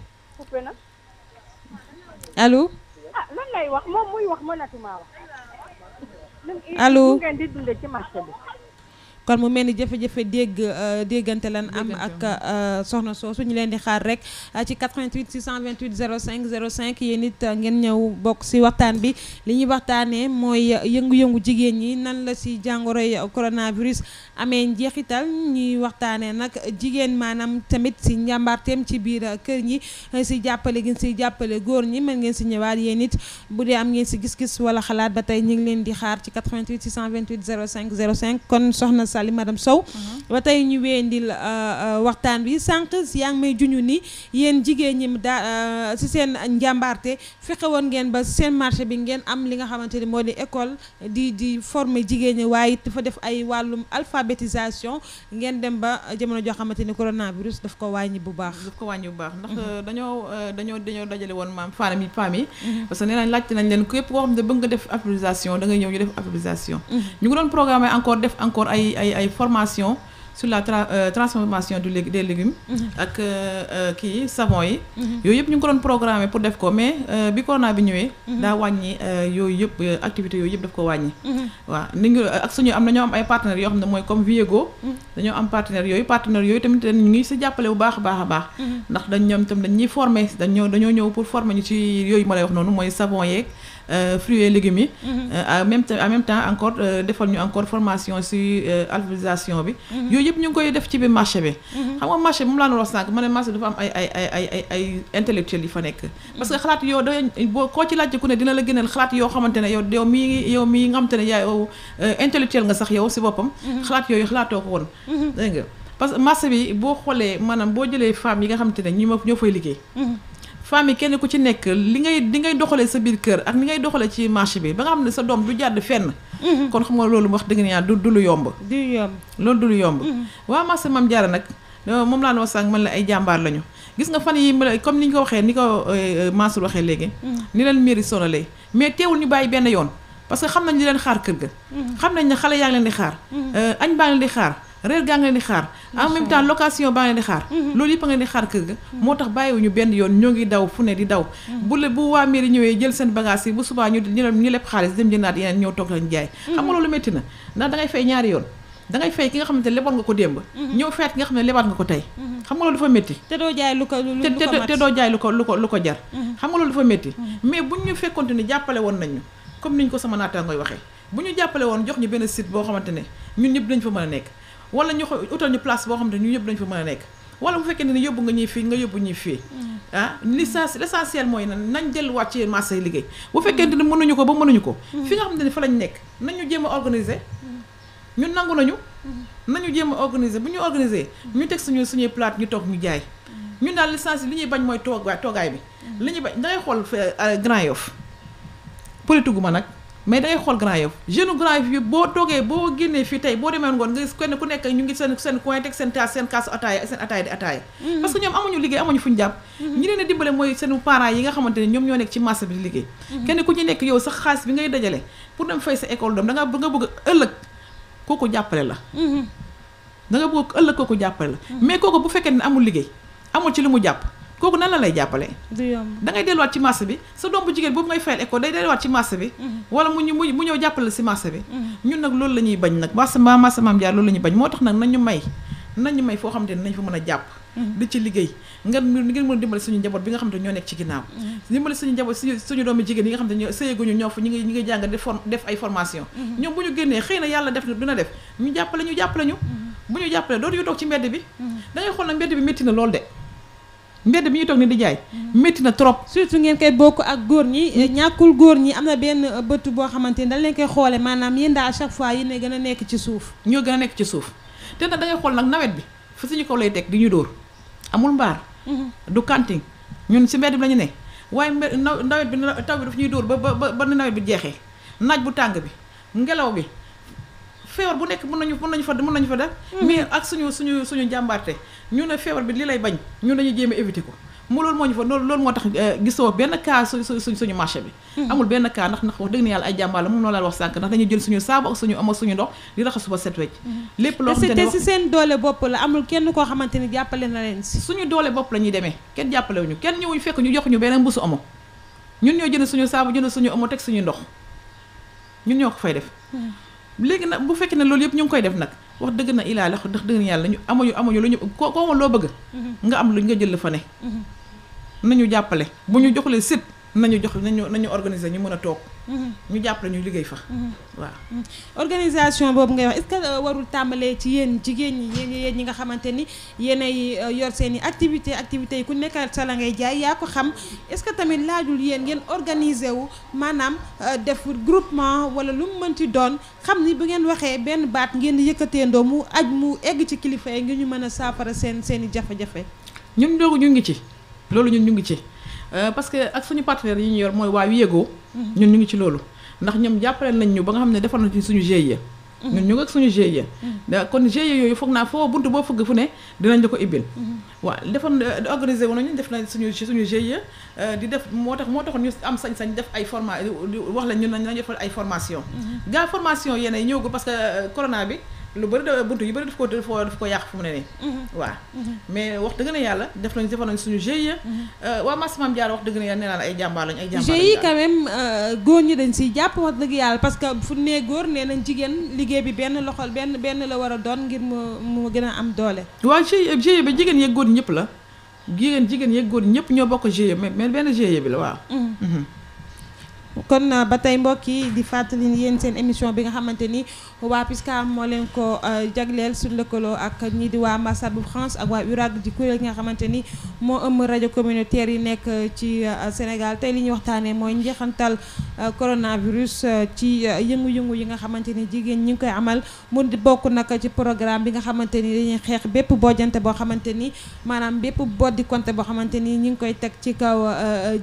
S11: allo ah, wax moom wax mënatuma
S2: wax ci marché kon mu mel ni jafe-jafe dégg euh, déggante lan am ak euh, soxna soosu ñu leen di xaar rek euh, ci 88 628 05 05 yéen it ngeen ñëw bokk si waxtaan bi li ñuy waxtaanee mooy yëngu-yëngu jigéen ñi nan la si jàngoroy coronavirus amee njeexital ñuy waxtaanee nag jigéen maanaam tamit si njàmbaarteem ci biir kër ñi si jàppale gi si jàppale góor ñi mën ngeen si ñëwaat yéen it bu dee am ngeen si gis-gis wala xalaat ba tey ñu ngi leen di xaar ci 88 628 05 05 kon soxna Sall madame Sow ba tey ñu wéyandil euh, euh, waxtaan bi sànq yaa ngi may juñu ni yéen jigéen ñi daa euh, si seen njàmbaarte fexe woon ngeen ba seen marché bi ngeen am li nga xamante ni moo di école di di forme jigéen ñi waaye dafa def ay wàllum alphabétisation ngeen dem ba jamono joo xamante ni coronavirus daf ko wàññi bu baax daf ko
S3: wàññi bu baax ndax mhm. dañoo dañoo dañoo dajale woon maam famille famille mhm. parce que nee nañ laajte nañ leen képp koo xam ne bëgg nga def alphabétisation ñëw ñu def alphabétisation mhm. ñu ay ay formation sur la tra euh, transformation du lég des légumes. Mhm. ak euh, euh, kii savon yi. Mhm. yooyu yëpp ñu ngi ko doon programmé pour def ko mais bi corona bi ñëwee. Mhm. daa wàññi yooyu yëpp activité yooyu yëpp daf ko wàññi. waaw ni ngi ak suñu am nañoo am ay partenaires yoo xam ne mooy comme Viego. dañoo am partenaires yooyu partenaires yooyu tamit ñu ngi si jàppale bu baax a baax a baax. ndax dañ ñoom itam dañ ñuy dañoo dañoo ñëw pour former ñu ci yooyu ma lay wax noonu mooy savon yeeg. Euh, fruits et légumes yi. Mm-hmm. en euh, même en même temps encore euh, defal ñu encore formation si alphabétisation bi. Mm-hmm. yooyu yëpp ñu ngi koy def ci biir marché bi. Mm-hmm. xam nga marché bi moom laa doon wax sànq ma ne marché dafa am ay ay ay ay ay ay fa nekk. parce que xalaat yoo da boo koo ci laajte ku ne dina la gënal xalaat yoo xamante ne yow yow mii yow mii nga xamante ne yaay yow intellectuel nga sax yow si boppam. xalaat yooyu xalaatoo ko woon. dégg nga parce que marché bi boo xoolee maanaam boo jëlee femmes yi nga xamante ne ñi ma ñoo fay liggéey. famille kenn ku ci nekk li ngay di ngay doxalee sa biir kër ak li ngay doxalee ci marché bi ba nga xam ne sa doom du jàdd fenn mhm. kon xam nga loolu wax dëgg yàlla du du lu yomb du yomb loolu du lu yomb mhm. waa marché Mame Diarra nag euh, moom laa ne wax sànq man la ay jàmbaar lañu gis nga fan yi comme ni ñu ko waxee ni ko euh, Mansour waxee léegi mhm. ni leen mairie sonalee mais teewul ñu bàyyi benn yoon parce que xam nañ li leen xaar kër ga xam nañ ne xale yaa leen di xaar euh, añ baa ngi leen di xaar reer gaa nga leen di xaar en même temps location baa nga leen di xaar mhm. loolu yëpp a nga leen di xaar kër ga mhm. moo tax bàyyiwuñu benn yoon ñoo ngi daw fu ne di daw mhm. bu le bu waa mairie ñëwee jël seen bagage yi bu subaa ñu ñu lepp xaalis dem jëndaat yeneen ñëw toog lañ jaay xam ki nga xamante ne leboon nga ko démb ñëw feet ki nga xam ne lebaat nga ko tey xam nga loolu dafa métti te te doo jaay lu ko ko lu ko jar xam nga loolu dafa métti mais buñ ñu fekkonte ne jàppale woon nañu comme niñ ko sama naataangooy waxee bu ñu jàppale woon jox ñu benn site boo xamante ne ñun ñëpp dañ fa mën a nekk wala ñu xool utal ñu place boo xam ne ñu ñëpp dañu fa mën a nekk wala bu fekkee ne yóbbu nga ñuy fii nga yóbbu ñuy fii mm. ah l'essentiel mooy na nañ delluwaat ci marché liggéey bu fekkente ne mënuñu ko ba mënuñu ko mm. fi nga xam ne fa lañ nekk nañu jéem a organiser mm. ñun nangu nañu nañu jéem a organiser bu ñu organiser ñu teg suñu suñuy plate ñu toog ñu jaay ñun daal l'essentiel li ñuy bañ mooy toogaay toogaay bi li ñu bañ dangay xool euh, Grand Yoff politique gu ma nag mais day xool Grand Yoff jeune Grand Yoff yi boo toogee boo génnee fii tey boo demee ngoon nga gis kenn ku nekk ñu ngi seen seen coin teg seen taas seen kaasu ataaya seen ataaya di ataaya mm-hmm. parce que ñoom amuñu liggéey amuñu fuñu jàpp mm-hmm. ñi leen a dimbale mooy seen parents yi nga xamante ne ñoom ñoo nekk ci marché bi di liggéey mm-hmm. kenn ku ci nekk yow sax xaalis bi ngay dajale pour dem fay sa école doom da nga nga bëgg ëllëg kooku jàppale la da nga bëgg ëllëg kooku jàppale la mais kooku bu fekkee ne amul liggéey amul ci li mu jàpp kooku nan la lay jàppale da ngay delluwaat ci marché bi sa doom bu jigéen boobu ngay fayal école day delluwaat ci marché bi mm-hmm. wala mu ñu mu mm-hmm. loolu la ñuy bañ nag marché ma marché maam jaar loolu la ñuy bañ moo tax nag nañu may nañu may foo xam te ne nañ a jàpp mm-hmm. di ci liggéey nga ngeen mën a suñu njaboot bi nga xam te ñoo nekk ci ginnaaw dimbali suñu njaboot suñu suñu doomi jigéen yi nga xam te ñoo sëyeguñu ñoo fa ñu ngi ñu ngi jàng def ay formation ñoom bu ñu génnee xëy na yàlla def dina jàppale dootu ñu toog ci mbedd bi
S2: da xool na mbedd bi métti na lool de mbedd bi ñu toog ni di jaay métti mm-hmm. na trop surtout ngeen koy bokk ak góor ñi eh, ñàkkul góor ñi am na benn eh, bët boo xamante ni dañ leen koy xoole maanaam yéen daal chaque fois yi a gën a nekk ci suuf ñoo gën a nekk ci suuf te nag da ngay xool nag nawet bi fa suñu kaw
S3: lay di ñu dóor amul mbaar mm-hmm. du kanting ñun si bi la ñu ne waaye nawet bi taw bi ñuy dóor ba ba ba nawet bi jeexee naaj bu tàng bi ngelaw bi feebar bu nekk mën nañu mën nañu fa mën nañu fa def mm-hmm. mais ak suñu suñu suñu jàmbaarte ñu ne feebar bi li lay bañ ñun dañuy jéem a éviter ko mu loolu moo fa loolu loolu moo tax euh, gisoo benn cas su su suñu marché bi hmm. amul benn cas ndax ndax wax dëgg ne yàlla ay jàmbaar la moom noonu laa wax sànk ndax dañuy suñu saabu ak suñu suñu ndox di raxas ba set wecc
S4: hmm. lépp loo xamante ne si
S3: seen doole bopp la amul kenn koo xamante ni jàppale na leen si suñu doole bopp la ñuy demee kenn jàppalewuñu kenn ñëwuñu fekk ñu jox ñu benn mbusu omo ñun ñoo jënd suñu saabu jënd suñu omo teg suñu ndox ñu ñoo ko fay def hmm. léegi nag bu fekkee ne loolu yëpp ñu ngi koy def nag wax dëgg na ilaa la ndax dëgg na yàlla ñu amuñu amuñu lu ñu ko ko loo bëgg mhm. nga am lu nga jël fa ne mhm. nañu jàppale bu ñu joxlee sit nañu jox nañu nañu organiser ñu mën a toog. Mhm. ñu jàppale ñu liggéey fa. Mhm. waaw
S2: mhm. organisation boobu ngay wax est euh, warul tàmbalee ci yéen jigéen ñi ñi nga xamante ni yéenay euh, yor seeni i activité activités yi ku nekk sa la ngay jaay yaa ko xam est-ce que tamit laajul yéen ngeen organiser wu maanaam euh, def groupement wala lu mu mën ci doon xam ni bi ngeen waxee benn baat ngeen di yëkkateendoo mu aj mu egg ci kilifa yi ngir ñu mën a saafara seen seeni i jafe-jafe.
S3: ñun doogu ñu ngi ci loolu ñu ngi ci. Euh, parce que ak suñu partenaires yi ñu yor mooy waa Wiego ñun ñu ngi ci loolu ndax ñoom jàppale nañ ñu ba nga xam ne defal nañ ci suñu GIE ñu ngi ak suñu GIE kon yooyu foog naa foo buntu boo fëgg fu ne dinañ la ko ibbil waaw defoon euh, organisé wu nañu def nañ suñu suñu GIE euh, di def moo tax moo taxoon ñu am sañ-sañ def ay forma wax la ñun nañ nañ defal ay formation mhm. gaa formation yéen ñëw ko parce que corona bi lu bëri da buntu yu bëri daf ko daf ko daf ko yàq fu mu ne nii mhm. waaw mhm. mais wax dëgg na yàlla def nañ defal nañ suñu GIE mhm. euh, waa Mass Mame Diarra wax dëgg na yàlla nee ay jàmbaar lañ ay jàmbaar GIE quand
S2: même euh, góor ñi dañ siy jàpp dëgg yàlla parce que fu nee góor nee nañ jigéen liggéey bi benn loxol benn benn la war a doon ngir mu mu gën a am doole waaw GIE GIE ba jigéen yeeg góor ñëpp la jigéen jigéen yeeg góor ñëpp ñoo bokk GIE mais benn GIE bi la waaw kon euh, ba tey mbokk yi di fàttali yéen seen émission bi nga xamante ni waa Piscam moo leen ko euh, jagleel sur lëkkaloo ak ñii di waa ambassade bu France ak waa URAG ji kuréel gi nga xamante ni moo ëmb rajo communautaire yi nekk euh, ci Sénégal tey li ñuy waxtaanee mooy njeexantal coronavirus ci yëngu-yëngu yi nga xamante ni jigéen ñi ngi koy amal mun di bokk nag ci programme bi nga xamante ni dañuy xeex bépp bojjante boo xamante ni maanaam bépp boddi compte boo xamante ni ñi ngi koy teg ci kaw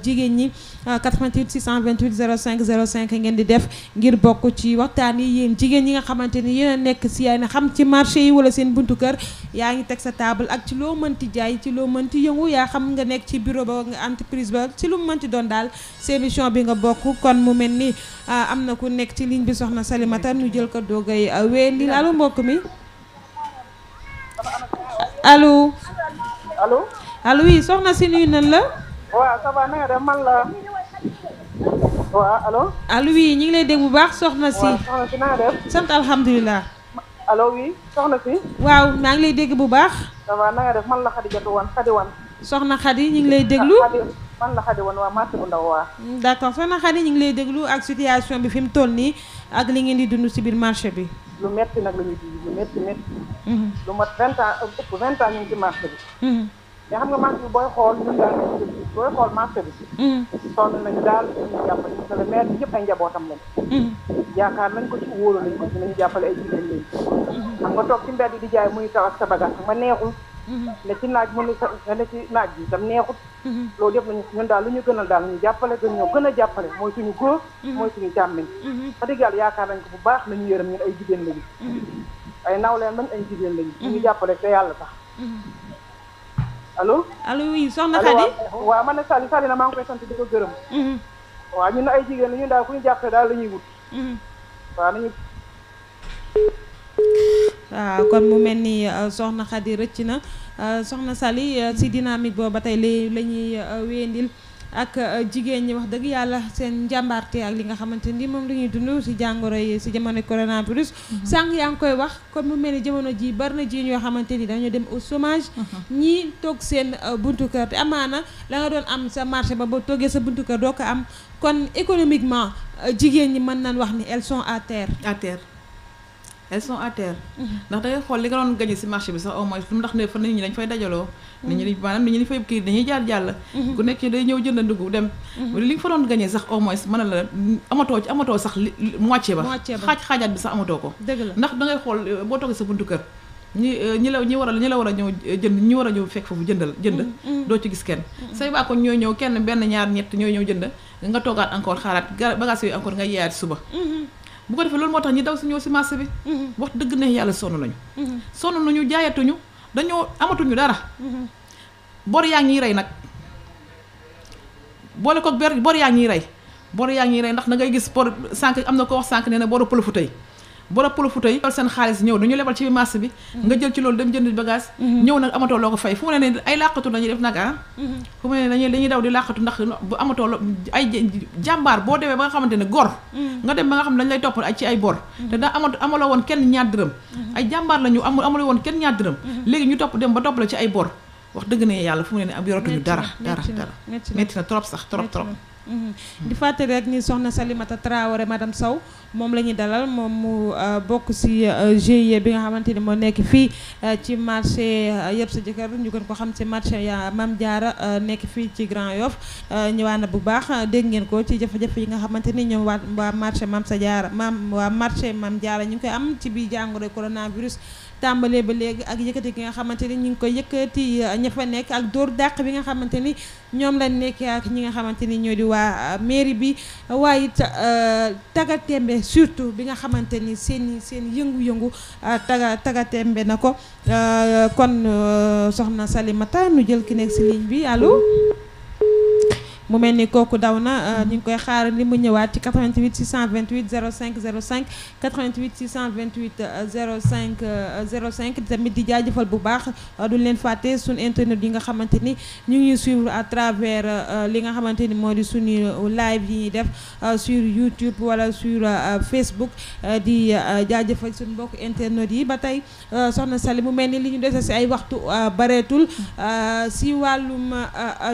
S2: jigéen ñi 88 628 05 05 ngeen di def ngir bokk ci waxtaan yi yéen jigéen ñi nga xamante ni yéen nekk si yaay na xam ci marché yi wala seen buntu kër yaa ngi teg sa table ak ci loo mënti jaay ci loo mënti yëngu yaa xam nga nekk ci bureau ba nga entreprise ba ci lu mu mënti doon daal émission bi nga bokk kon mu mel ni ah, am na ku nekk ci ligne bi soxna Salimata ñu jël ko doogay ah, weendi allo mbokk mi allo allo allo oui soxna si nuyu nan la waaw alo allo oui ñu ngi lay dégg bu baax soxna si. waaw soxna si naa def. sant alhamdulilah. allo oui soxna si. waaw maa ngi lay dégg bu baax. ça va na nga def man la Xadijatu wan Xadi wan. soxna Xadi ñu ngi lay déglu. man la Xadi wan waa marché bu ndaw waa. Hmm, d'accord soxna Xadi ñu ngi lay déglu ak situation bi fi mu toll nii ak li ngeen di dundu si biir marché bi.
S10: lu metti nag la ñuy dund lu metti metti. Hmm. lu mat vingt ans ëpp vingt ans ñu ngi ci marché bi. Hmm. mais xam nga marché bi booy xool ñun daal booy xool bi. Mm. sonn nañu daal ñu jàppale monsieur le maire ñëpp ay njabootam lañ. Mm. yaakaar nañ ko ci wóolu nañ ko ci nañ jàppale ay jigéen lañ. Mm-hmm. xam nga toog ci mbedd di jaay muy taw ak sa bagage nga neexul. Mm-hmm. ne ci naaj mënu sa nga ne ci naaj bi tam neexut. Mm-hmm. loolu yëpp lañu ñun daal lu ñu gënal daal ñu jàppale gën ñoo gën a jàppale mooy suñu góor. mooy suñu càmmiñ. wax dëgg yàlla yaakaar nañ ko bu baax nañu yërëm ñun ay jigéen lañu. ay nawleen ay jigéen lañu. ñu jàppale te yàlla tax allo allo oui soxna Khady waaw man na Sali Sali na maa ngi koy sant di ko gërëm mm-hmm. waaw ñun na ay jigéen la ñun daal ku ñu jàppale daal la wut mm-hmm.
S2: waaw kon mu mel ni euh, soxna Khady rëcc na euh, soxna Sali euh, si dynamique boobu ba tey la la ñuy wéyandil ak euh, jigéen ñi wax dëgg yàlla seen njàmbaarte ak li nga xamante ni moom la ñuy dund si jàngoro yi si jamono coronavirus. Mm-hmm. sànq yaa ngi koy wax comme mu mel ni jamono jii barina na ji ñoo xamante ni dañu dem au chômage. Mm-hmm. ñii toog seen euh, buntu kër te amaana la nga doon am sa marché ba ba toogee sa buntu kër doo ko am kon économiquement euh, jigéen ñi mën nañ wax ni elles sont à terre. à elles sont à terre. Mm-hmm. ndax da ngay xool li nga doon gagné si marché bi sax au moins lu ndax ne fa nit ñi dañ
S3: fay dajaloo. nit ñi mm-hmm. maanaam nit ñi dañ fay kii dañuy mm-hmm. nekk day ñëw jënd dugub dem. li nga fa doon sax au moins mën na la amatoo ci amatoo sax li moitié ba. xaaj xaajaat bi sax amatoo ko. dëgg la ndax da ngay xool euh, boo toogee sa buntu kër. ñi euh, ñi la ñi a ñi la war a ñëw euh, jënd ñi war a ñëw fekk foofu jëndal jënd doo ci gis kenn kon ñooy ñëw kenn benn ñaar ñett ñooy ñëw jënd nga toogaat encore xaaraat bagage yooyu encore nga yeeyaat suba bu ko defee loolu moo tax ñu daw si ñëw si marché bi mm-hmm. wax dëgg neex yàlla sonn nañu mm-hmm. sonn nañu jaayatuñu dañoo amatuñu dara mm-hmm. bor yaa ngi rey nag boole ko bor yaa ngi rey bor yaa ngi rey ndax da ngay gis bor sànq am na ko wax sànq nee na boru pëlëfu tey borom pël Fuuta yi seen xaalis ñëw dañu lebal ci marché bi mm-hmm. nga jël ci loolu dem jënd bagage mm-hmm. ñëw nag amatoo loo ko fay fu mu ne ne ay làqatu nag ah mm-hmm. fu mu ne dañuy daw di làqatu ndax bu amatoo lo ay jàmbaar boo demee ba nga xamante ne gor nga dem ba nga xam ne dañ lay toppal ak ci ay bor te daa amatu amaloo woon kenn ñaar dërëm ay jàmbaar lañu ñu amul amaloo woon kenn ñaar dërëm léegi ñu topp dem ba topp la ci ay bor wax dëgg ne yàlla fu mu ne ne am yoratuñu dara dara dara métti na trop sax tro trop
S2: Mhm. di fàttali rek ni soxna Salimata Traoré madame saw moom la ñuy dalal moom mu euh, bokk si euh, GIE bi nga xamante ni moo nekk fii euh, ci marché yëpp sa jëkkër ñu gën ko xam si marché ya Mame Diarra nekk fii ci Grand Yoff ñëwaa na bu baax dégg ngeen ko ci jafe-jafe yi nga xamante ni ñoom waa waa marché Mame sa jaara maam waa marché Mame Diarra ñu ngi koy am ci biir jàngoro coronavirus tàmbalee ba léegi ak yëkkati ki nga xamante ni ñu ngi koy yëkkati uh, ña fa nekk ak dóor dàq bi nga xamante ni ñoom lañ nekkee ak ñi nga xamante ni ñoo di waa uh, mairie bi waaye it uh, tagatembe surtout bi nga xamante ni seen seen yëngu-yëngu taga tagatembe na ko kon soxna Salimata nu jël ki nekk si ligne bi allo. mu mel ni kooku daw na euh, ñu ngi koy xaaral ni mu ñëwaat ci 88 628 05 05 88 628 05 05 tamit di jaajëfal bu baax euh, duñ leen fàtte suñ internet yi nga xamante ni ñu ngi suivre à travers euh, li nga xamante ni moo di suñu live yi ñuy def sur YouTube wala sur Facebook di jaajëfal suñu mbokk internet yi ba tey soxna Sali mu mel ni li ñu dese si ay waxtu bareetul mm. si wàllum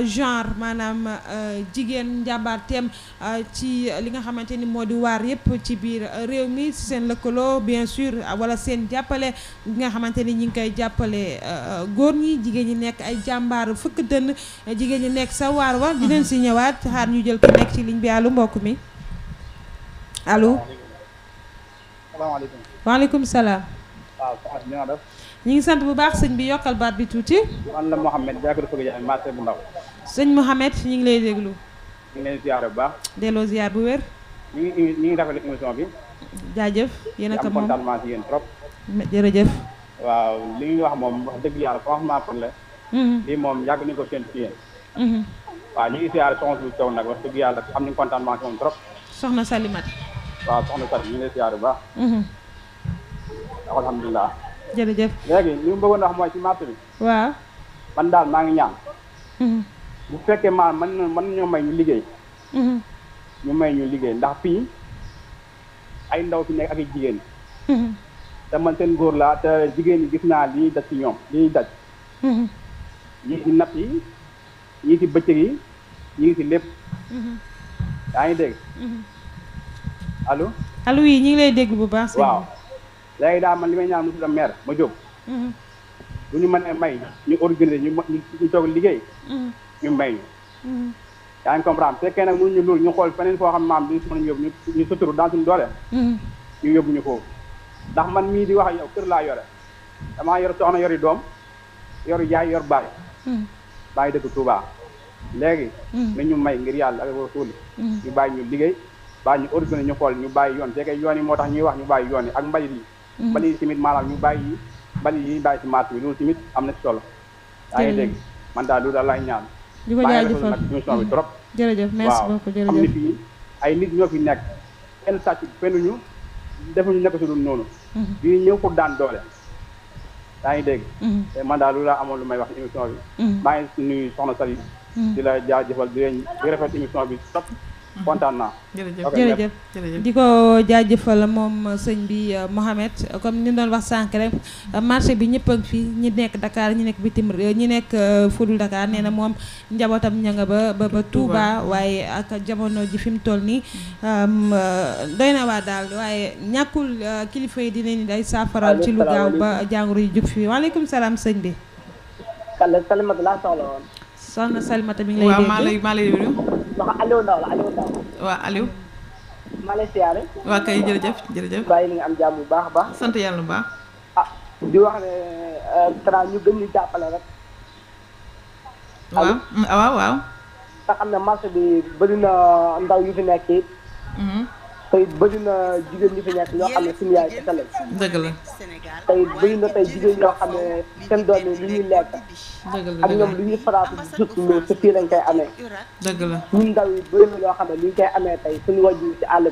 S2: genre maanaam. Euh, jigéen njàmbaarteem euh, ci li nga xamante ni moo di waar yëpp ci biir euh, réew mi seen lëkkaloo bien sûr wala seen jàppale li nga xamante ni ñi ngi koy jàppale góor ñi jigéen ñi nekk ay jàmbaar fëkk dënn jigéen ñi nekk sa waar wa dinañ mhm. si ñëwaat xaar ñu jël ki nekk ci liñ bi allo mbokk mi allo
S9: salaamaaleykum salaam waaw
S2: ngi sant bu baax sëñ bi yokkal baat bi tuuti man la Mouhamed jaakatu fëgg jaay marché sëñ Mouhamed ñu ngi lay déglu. ñu ngi leen
S9: ziar bu baax. delloo ziar bu wér. ñu ngi ñu ngi rafetlu émission bi. jaajëf yéen ak moom am contentement ci yéen trop. jërëjëf. waaw li ñuy wax moom wax dëgg yàlla franchement pour la. Mm-hmm. lii moom yàgg nañu ko seen ci yéen. Mm-hmm. waaw ñu ngi ziar nag wax dëgg yàlla am nañu contentement ci moom trop. soxna Salimat. waaw soxna Salimat ñu ngi lay ziar bu baax. Mm-hmm. alhamdulilah. jërëjëf léegi li bëggoon wax mooy ci marché bi. waaw. man daal maa ngi ñaan. bu fekkee maanaam man na man ñoo may ñu liggéey mhm. ñu may ñu liggéey ndax fii ay ndaw fi nekk ak jigéen mhm. te man seen góor laa te jigéen yi gis naa li ñuy daj ci ñoom li ñuy daj mhm. ñii si napp yi ñii si bëccëg yi ñii si lépp yaa ngi dégg allo allo yi ñu lay dégg bu baax waaw léegi daal man li may ñaan monsieur le maire ma jóg bu ñu mën a may ñu organiser ñu ñu toog liggéey ñu mbay ñu yaa ngi comprendre fekkee nag mënuñu loolu ñu xool feneen foo xam maam duñu si mën a yóbbu ñu suturu dans suñu doole hmm. ñu yóbbu ñu foofu ndax man mii di wax yow kër laa yore damaa yor soxna yori doom yori jaay yor baay hmm. bàyyi dëkk Touba léegi hmm. nañu may ngir yàlla ak rasuul ñu bàyyi ñu liggéey bàyyi ñu organisé ñu xool ñu bàyyi yoon fekkee yoon yi moo tax ñuy wax ñu bàyyi yoon yi ak mbalit yi mbalit yi tamit maanaam ñu bàyyi yi mbalit yi ñu bàyyi si marché bi loolu tamit am na ci solo yaa ngi dégg man daal loolu daal laay ñaan
S7: di ko jaajëfal nag émission bi trop mm. jërëjëf merci beaucoup jërëjëf waaw am na
S9: fii ay nit ñoo fi nekk kenn sàcc fenuñu mm. daan doole yaa ngi dégg mm. te man daal lu laa lu may wax émission bi maa ngi nuyu soxna Sali jaajëfal di leen di bi trop kontaan naa. jërëjëf jërëjëf di ko
S2: jaajëfal moom sëñ bi euh, Mohamed comme ni doon wax sànq rek euh, marché bi ñëpp a fi ñi nekk Dakar ñi nekk bitim ñi nekk euh, fudul Dakar nee na moom njabootam ña nga ba ba ba waaye ak jamono ji fi mu toll nii doy na waa daal waaye ñàkkul kilifa yi dinañ day saafaral ci lu gaaw ba jàngoro yu jub fi waaleykum salaam sëñ bi.
S13: kàlla soxna Salimata mi ngi lay dégg waaw maa lay maa waaw Aliou. maa lay waa kay jërëjëf jërëjëf. bàyyi li nga am jàmm bu baax a baax. sant yàlla bu baax. ah di wax ne Tra euh, ñu gën ñu jàppale rek. waaw mm, waaw waaw. nga xam ne marché bi bëri na ndaw yu fi nekk mm-hmm. it. te jigéen ñi fi nekk ñoo xam ne suñu yaay kese lañ. dëgg la. tey bëri na tey jigéen ñoo xam ne seen doom yi lu ñuy ak ñoom lu ñuy faratu jut loolu sa lañ koy amee dëgg la ñun ndaw yi bëri na loo xam ne li ñu koy amee tey suñu wàjju ci àll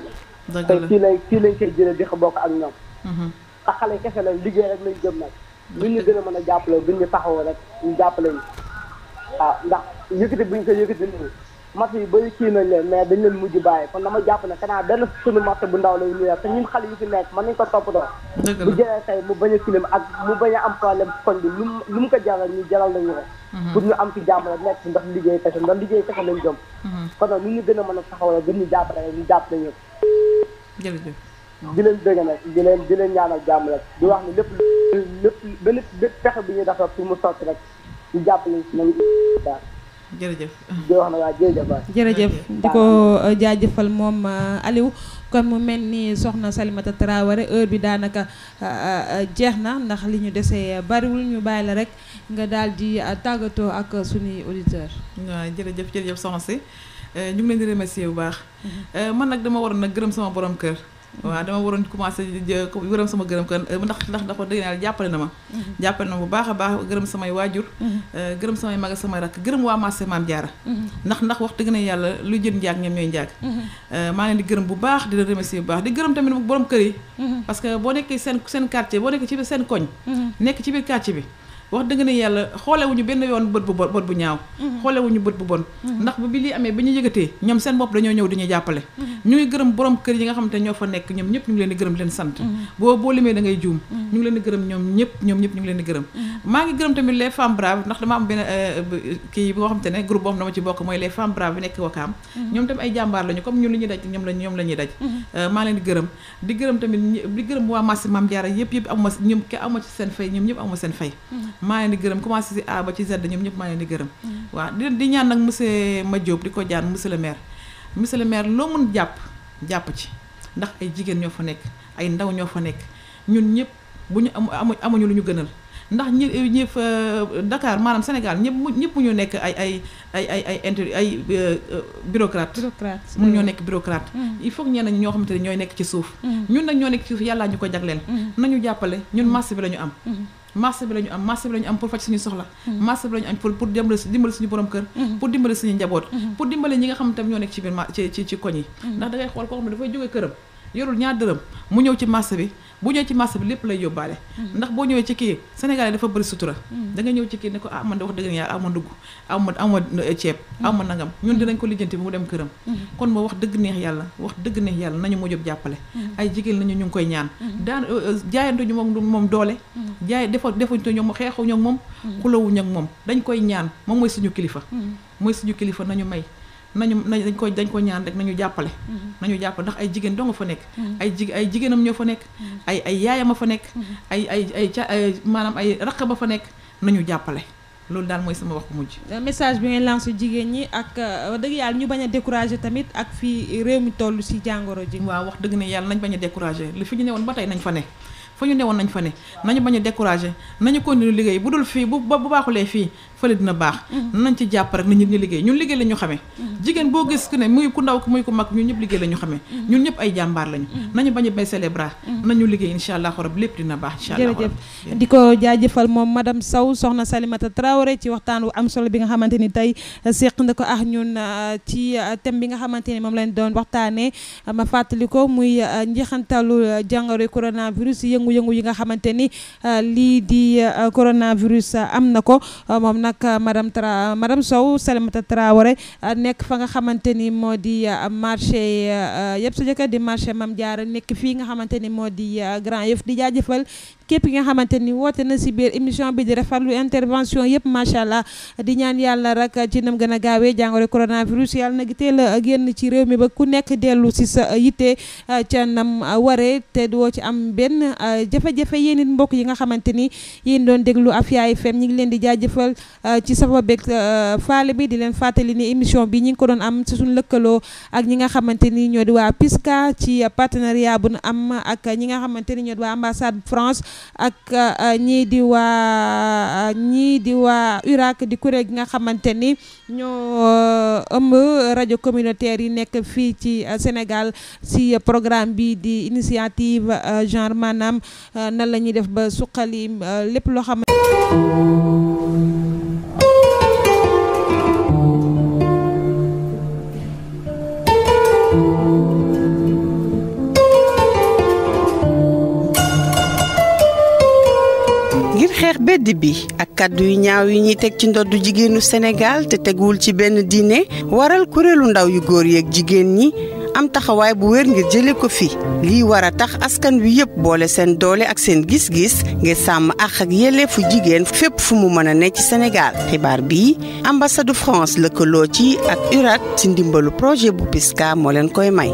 S13: bi tey fii lañ fii lañ koy jëlee di ko bokk ak ñoom mm-hmm. te xale kese lañ liggéey rek lañ jëm nag lu ñu gën a mën a jàppale bu ñu taxawoo rek ñu jàppale ñu waaw ndax yëkkati bu ñu ko yëkkati nii match yu bëri kii nañ leen mais dañ leen mujj bàyyi kon dama jàpp ne xanaa benn suñu match bu ndaw lay nuyoo te ñu xale yu fi nekk mën nañ ko toppatoo bu jëlee tey mu bañ a kilim ak mu bañ a am problème koñ bi lu lu mu ko jaral ñu jaral nañu ko mhm. pour ñu am ci jàmm rek ndax liggéey kese ndax liggéey kese lañ jëm mhm. kon nag gën a mën a taxawal gën ñu jàpp rek ñu jàpp nañu jërëjëf di leen dëgg nag di leen di leen ñaanal jàmm rek di wax ne lépp lépp benn pexe bi ñuy defar pour mu sotti rek ñu jàpp nañ si nañ jërëjëf di wax na waa jërëjëf waay jërëjëf di ko
S2: euh, jaajëfal moom euh, Aliou kon mu mel ni soxna Salimata Traoré heure bi daanaka euh, jeex na ndax li ñu desee bariwul ñu bàyyi rek nga daal di tàggatoo ak suñuy auditeur
S3: waaw jërëjëf jërëjëf soxna si ñu ngi leen di bu baax mën mm-hmm. nag dama waroon nag gërëm sama borom kër waaw dama waroon commencé gërëm sama gërëm kan euh, ndax ndax ndax dëgg naa jàppale na ma mhm. jàppale na ma bu baax a baax gërëm samay waajur mhm. euh, gërëm samay mag samay rakk gërëm waa marché maam jaara mhm. ndax ndax wax dëgg na yàlla luy jën njaag ñoom ñooy njaag
S4: euh,
S3: maa leen di gërëm bu baax di la remercier bu baax di gërëm tamit borom kër yi parce boo nekkee seen seen quartier boo nekkee ci biir seen koñ nekk ci biir quartier bi wax dëgg na yàlla xoolewuñu benn yoon bët bu bon bët bu ñaaw mm-hmm. xoolewuñu bët bu bon mm-hmm. ndax bu bi lii amee bi ñu yëgatee ñoom seen bopp dañoo ñëw dañuy jàppale mm-hmm. ñu ngi gërëm borom kër yi nga xam te ñoo fa nekk ñoom ñëpp ñu leen di gërëm leen sant boo boo limee da ngay juum ñu ngi leen di gërëm leen di gërëm maa ngi gërëm tamit les euh, xam te ne groupe boo xam dama ci bokk mooy les femmes braves bi nekk wakaam ñoom tamit ay jàmbaar lañu comme ñun li ñuy daj ñoom la ñoom la ñuy daj euh, maa leen di gërëm di gërëm tamit di gërëm waa marché Mame Diarra yëpp yëpp amuma ñoom ke amuma ci seen fay ñoom ñëpp amuma seen fay maa leen di gërëm commencé si A ba ci Z ñoom ñëpp maa leen di gërëm. Mm. waaw di di ñaan nag monsieur Madiop di ko jaan monsieur le maire monsieur le maire loo mun jàpp jàpp ci ndax ay jigéen ñoo fa nekk ay ndaw ñoo fa nekk ñun ñëpp bu ñu amu amuñu lu ñu gënal. ndax ñi ñi Dakar maanaam Sénégal ñëpp ñëpp ñu nekk ay ay ay ay ay inter ay euh, euh, bureaucrate mun ñoo mm. nekk bureaucrate mm. il faut ñeen ñeneen ñoo xamante ne ñooy nekk ci suuf ñun nag ñoo nekk ci suuf yàllaa ñu ko jagleel nañu jàppale ñun marché bi la ñu am marché bi la ñu am marché bi la ñu am pour faj suñu soxla hmm. marché bi la ñu am pour pour dimbali suñu borom kër hmm. pour dimbali suñu njaboot hmm. pour dimbali ñi nga xam ne tam ñoo nekk ci biir ci ci koñ yi ndax da ngay xool koo xam ne dafay jógee këram yorul ñaar dërëm mu ñëw ci marché bi bu ñëw ci marché bi lépp lay yóbbaale mm-hmm. ndax boo ñëwee ci kii Sénégal dafa bëri sutura mm-hmm. da ñëw ci kii ne ko ah man de wax dëgg yàlla dugg ama ama eh, ceeb mm-hmm. ama nangam ñun dinañ ko lijjanti mu dem këram kon moo wax dëgg neex yàlla wax dëgg neex yàlla nañu mu jóg jàppale ay jigéen lañu ñu ngi koy ñaan daan eh, eh, jaayantuñu moom moom doole jaay defo defuñu ñoom xeexu ñoom moom xulawuñu ak moom dañ koy ñaan moom mooy suñu kilifa mooy suñu kilifa nañu may nañu nañ ko dañ ko ñaan rek nañu jàppale mm-hmm. nañu jàppale ndax ay jigéen doo nga fa nekk mm-hmm. ay jig ay jigéenam ñoo fa nekk mm-hmm. ay
S2: yaayam a fa nekk ay ay ay ca maanaam ay raq ba fa nekk
S3: nañu jàppale loolu daal mooy sama wax mujj
S2: euh, message bi ngay lancé jigéen ñi ak euh, dëgg yàlla ñu bañ a découragé tamit ak fii réew mi toll si jàngoro ji waaw wax dëgg ne yàlla nañ bañ a découragé li fi ñu newoon ba tey nañ fa ne
S3: fa ñu newoon nañ fa ne nañu bañ a nañu ko liggéey bu dul fii bu bu baaxulee fii fële dina baax nañ ci jàpp rek na ñit ñi liggéey ñun liggéey la ñu xamee jigéen boo gis ku ne muy ku ndaw ki muy ku mag ñun ñëpp liggéey la ñu xamee ay jàmbaar lañu nañu bañ a baisser les nañu liggéey incha allah rab lépp dina baax incha allah
S2: jërëjëf di ko jaajëfal moom madame Sow soxna Salimata Traoré ci waxtaan wu am solo bi nga xamante ni tey uh, séq na ko ah ñun uh, ci uh, thème bi nga xamante ni moom lañ ma fàttali ko muy njeexantalu jàngoro coronavirus yëngu-yëngu yi nga xamante ni lii di coronavirus na ko moom nag ak euh, madame Tra madame Sow Salimata Traoré euh, nekk fa nga xamante ni moo di euh, marché yëpp sa jëkkër di marché Mame Diarra nekk fii nga xamante ni moo di Grand Yoff di jaajëfal képp ki nga xamante ni woote na si biir émission bi di rafetlu intervention yëpp macha allah di ñaan yàlla rek ci nam gën a gaawee jàngoro coronavirus yàlla nag teel a génn ci réew mi ba ku nekk dellu si sa yitte ca nam waree te doo ci am benn jafe-jafe yéen mbokk yi nga xamante ni yéen doon déglu Afia ñu ngi leen di jaajëfal Euh, ci safa beeg euh, faale bi di leen fàttali ni émission bi ñi ngi ko doon am ci suñu lëkkaloo ak ñi nga xamante ni ñoo di waa piska ci partenariat bu na am ak ñi nga xamante ni ñoo di waa ambassade France ak euh, ñii di waa ñii di waa URAC di kuréel gi nga xamante ni ñoo ëmb rajo communautaire yi nekk fii ci Sénégal si programme bi di initiative genre maanaam nan la ñuy def ba suqali lépp loo xam
S1: weddi bi ak kàddu yu ñaaw yi ñuy teg ci ndoddu jigéenu senegal te tegul ci benn diine waral kuréelu ndaw yu góor yeeg jigéen ñi am taxawaay bu wér ngir jëlee ko fi lii war a tax askan wi yëpp boole seen doole ak seen gis-gis ngir sàmm àq ak yelleefu jigéen fépp fu mu mën a ne ci Sénégal xibaar bii ambasadu France lëkkaloo ci ak URAC ci ndimbalu projet bu Piska moo leen koy may.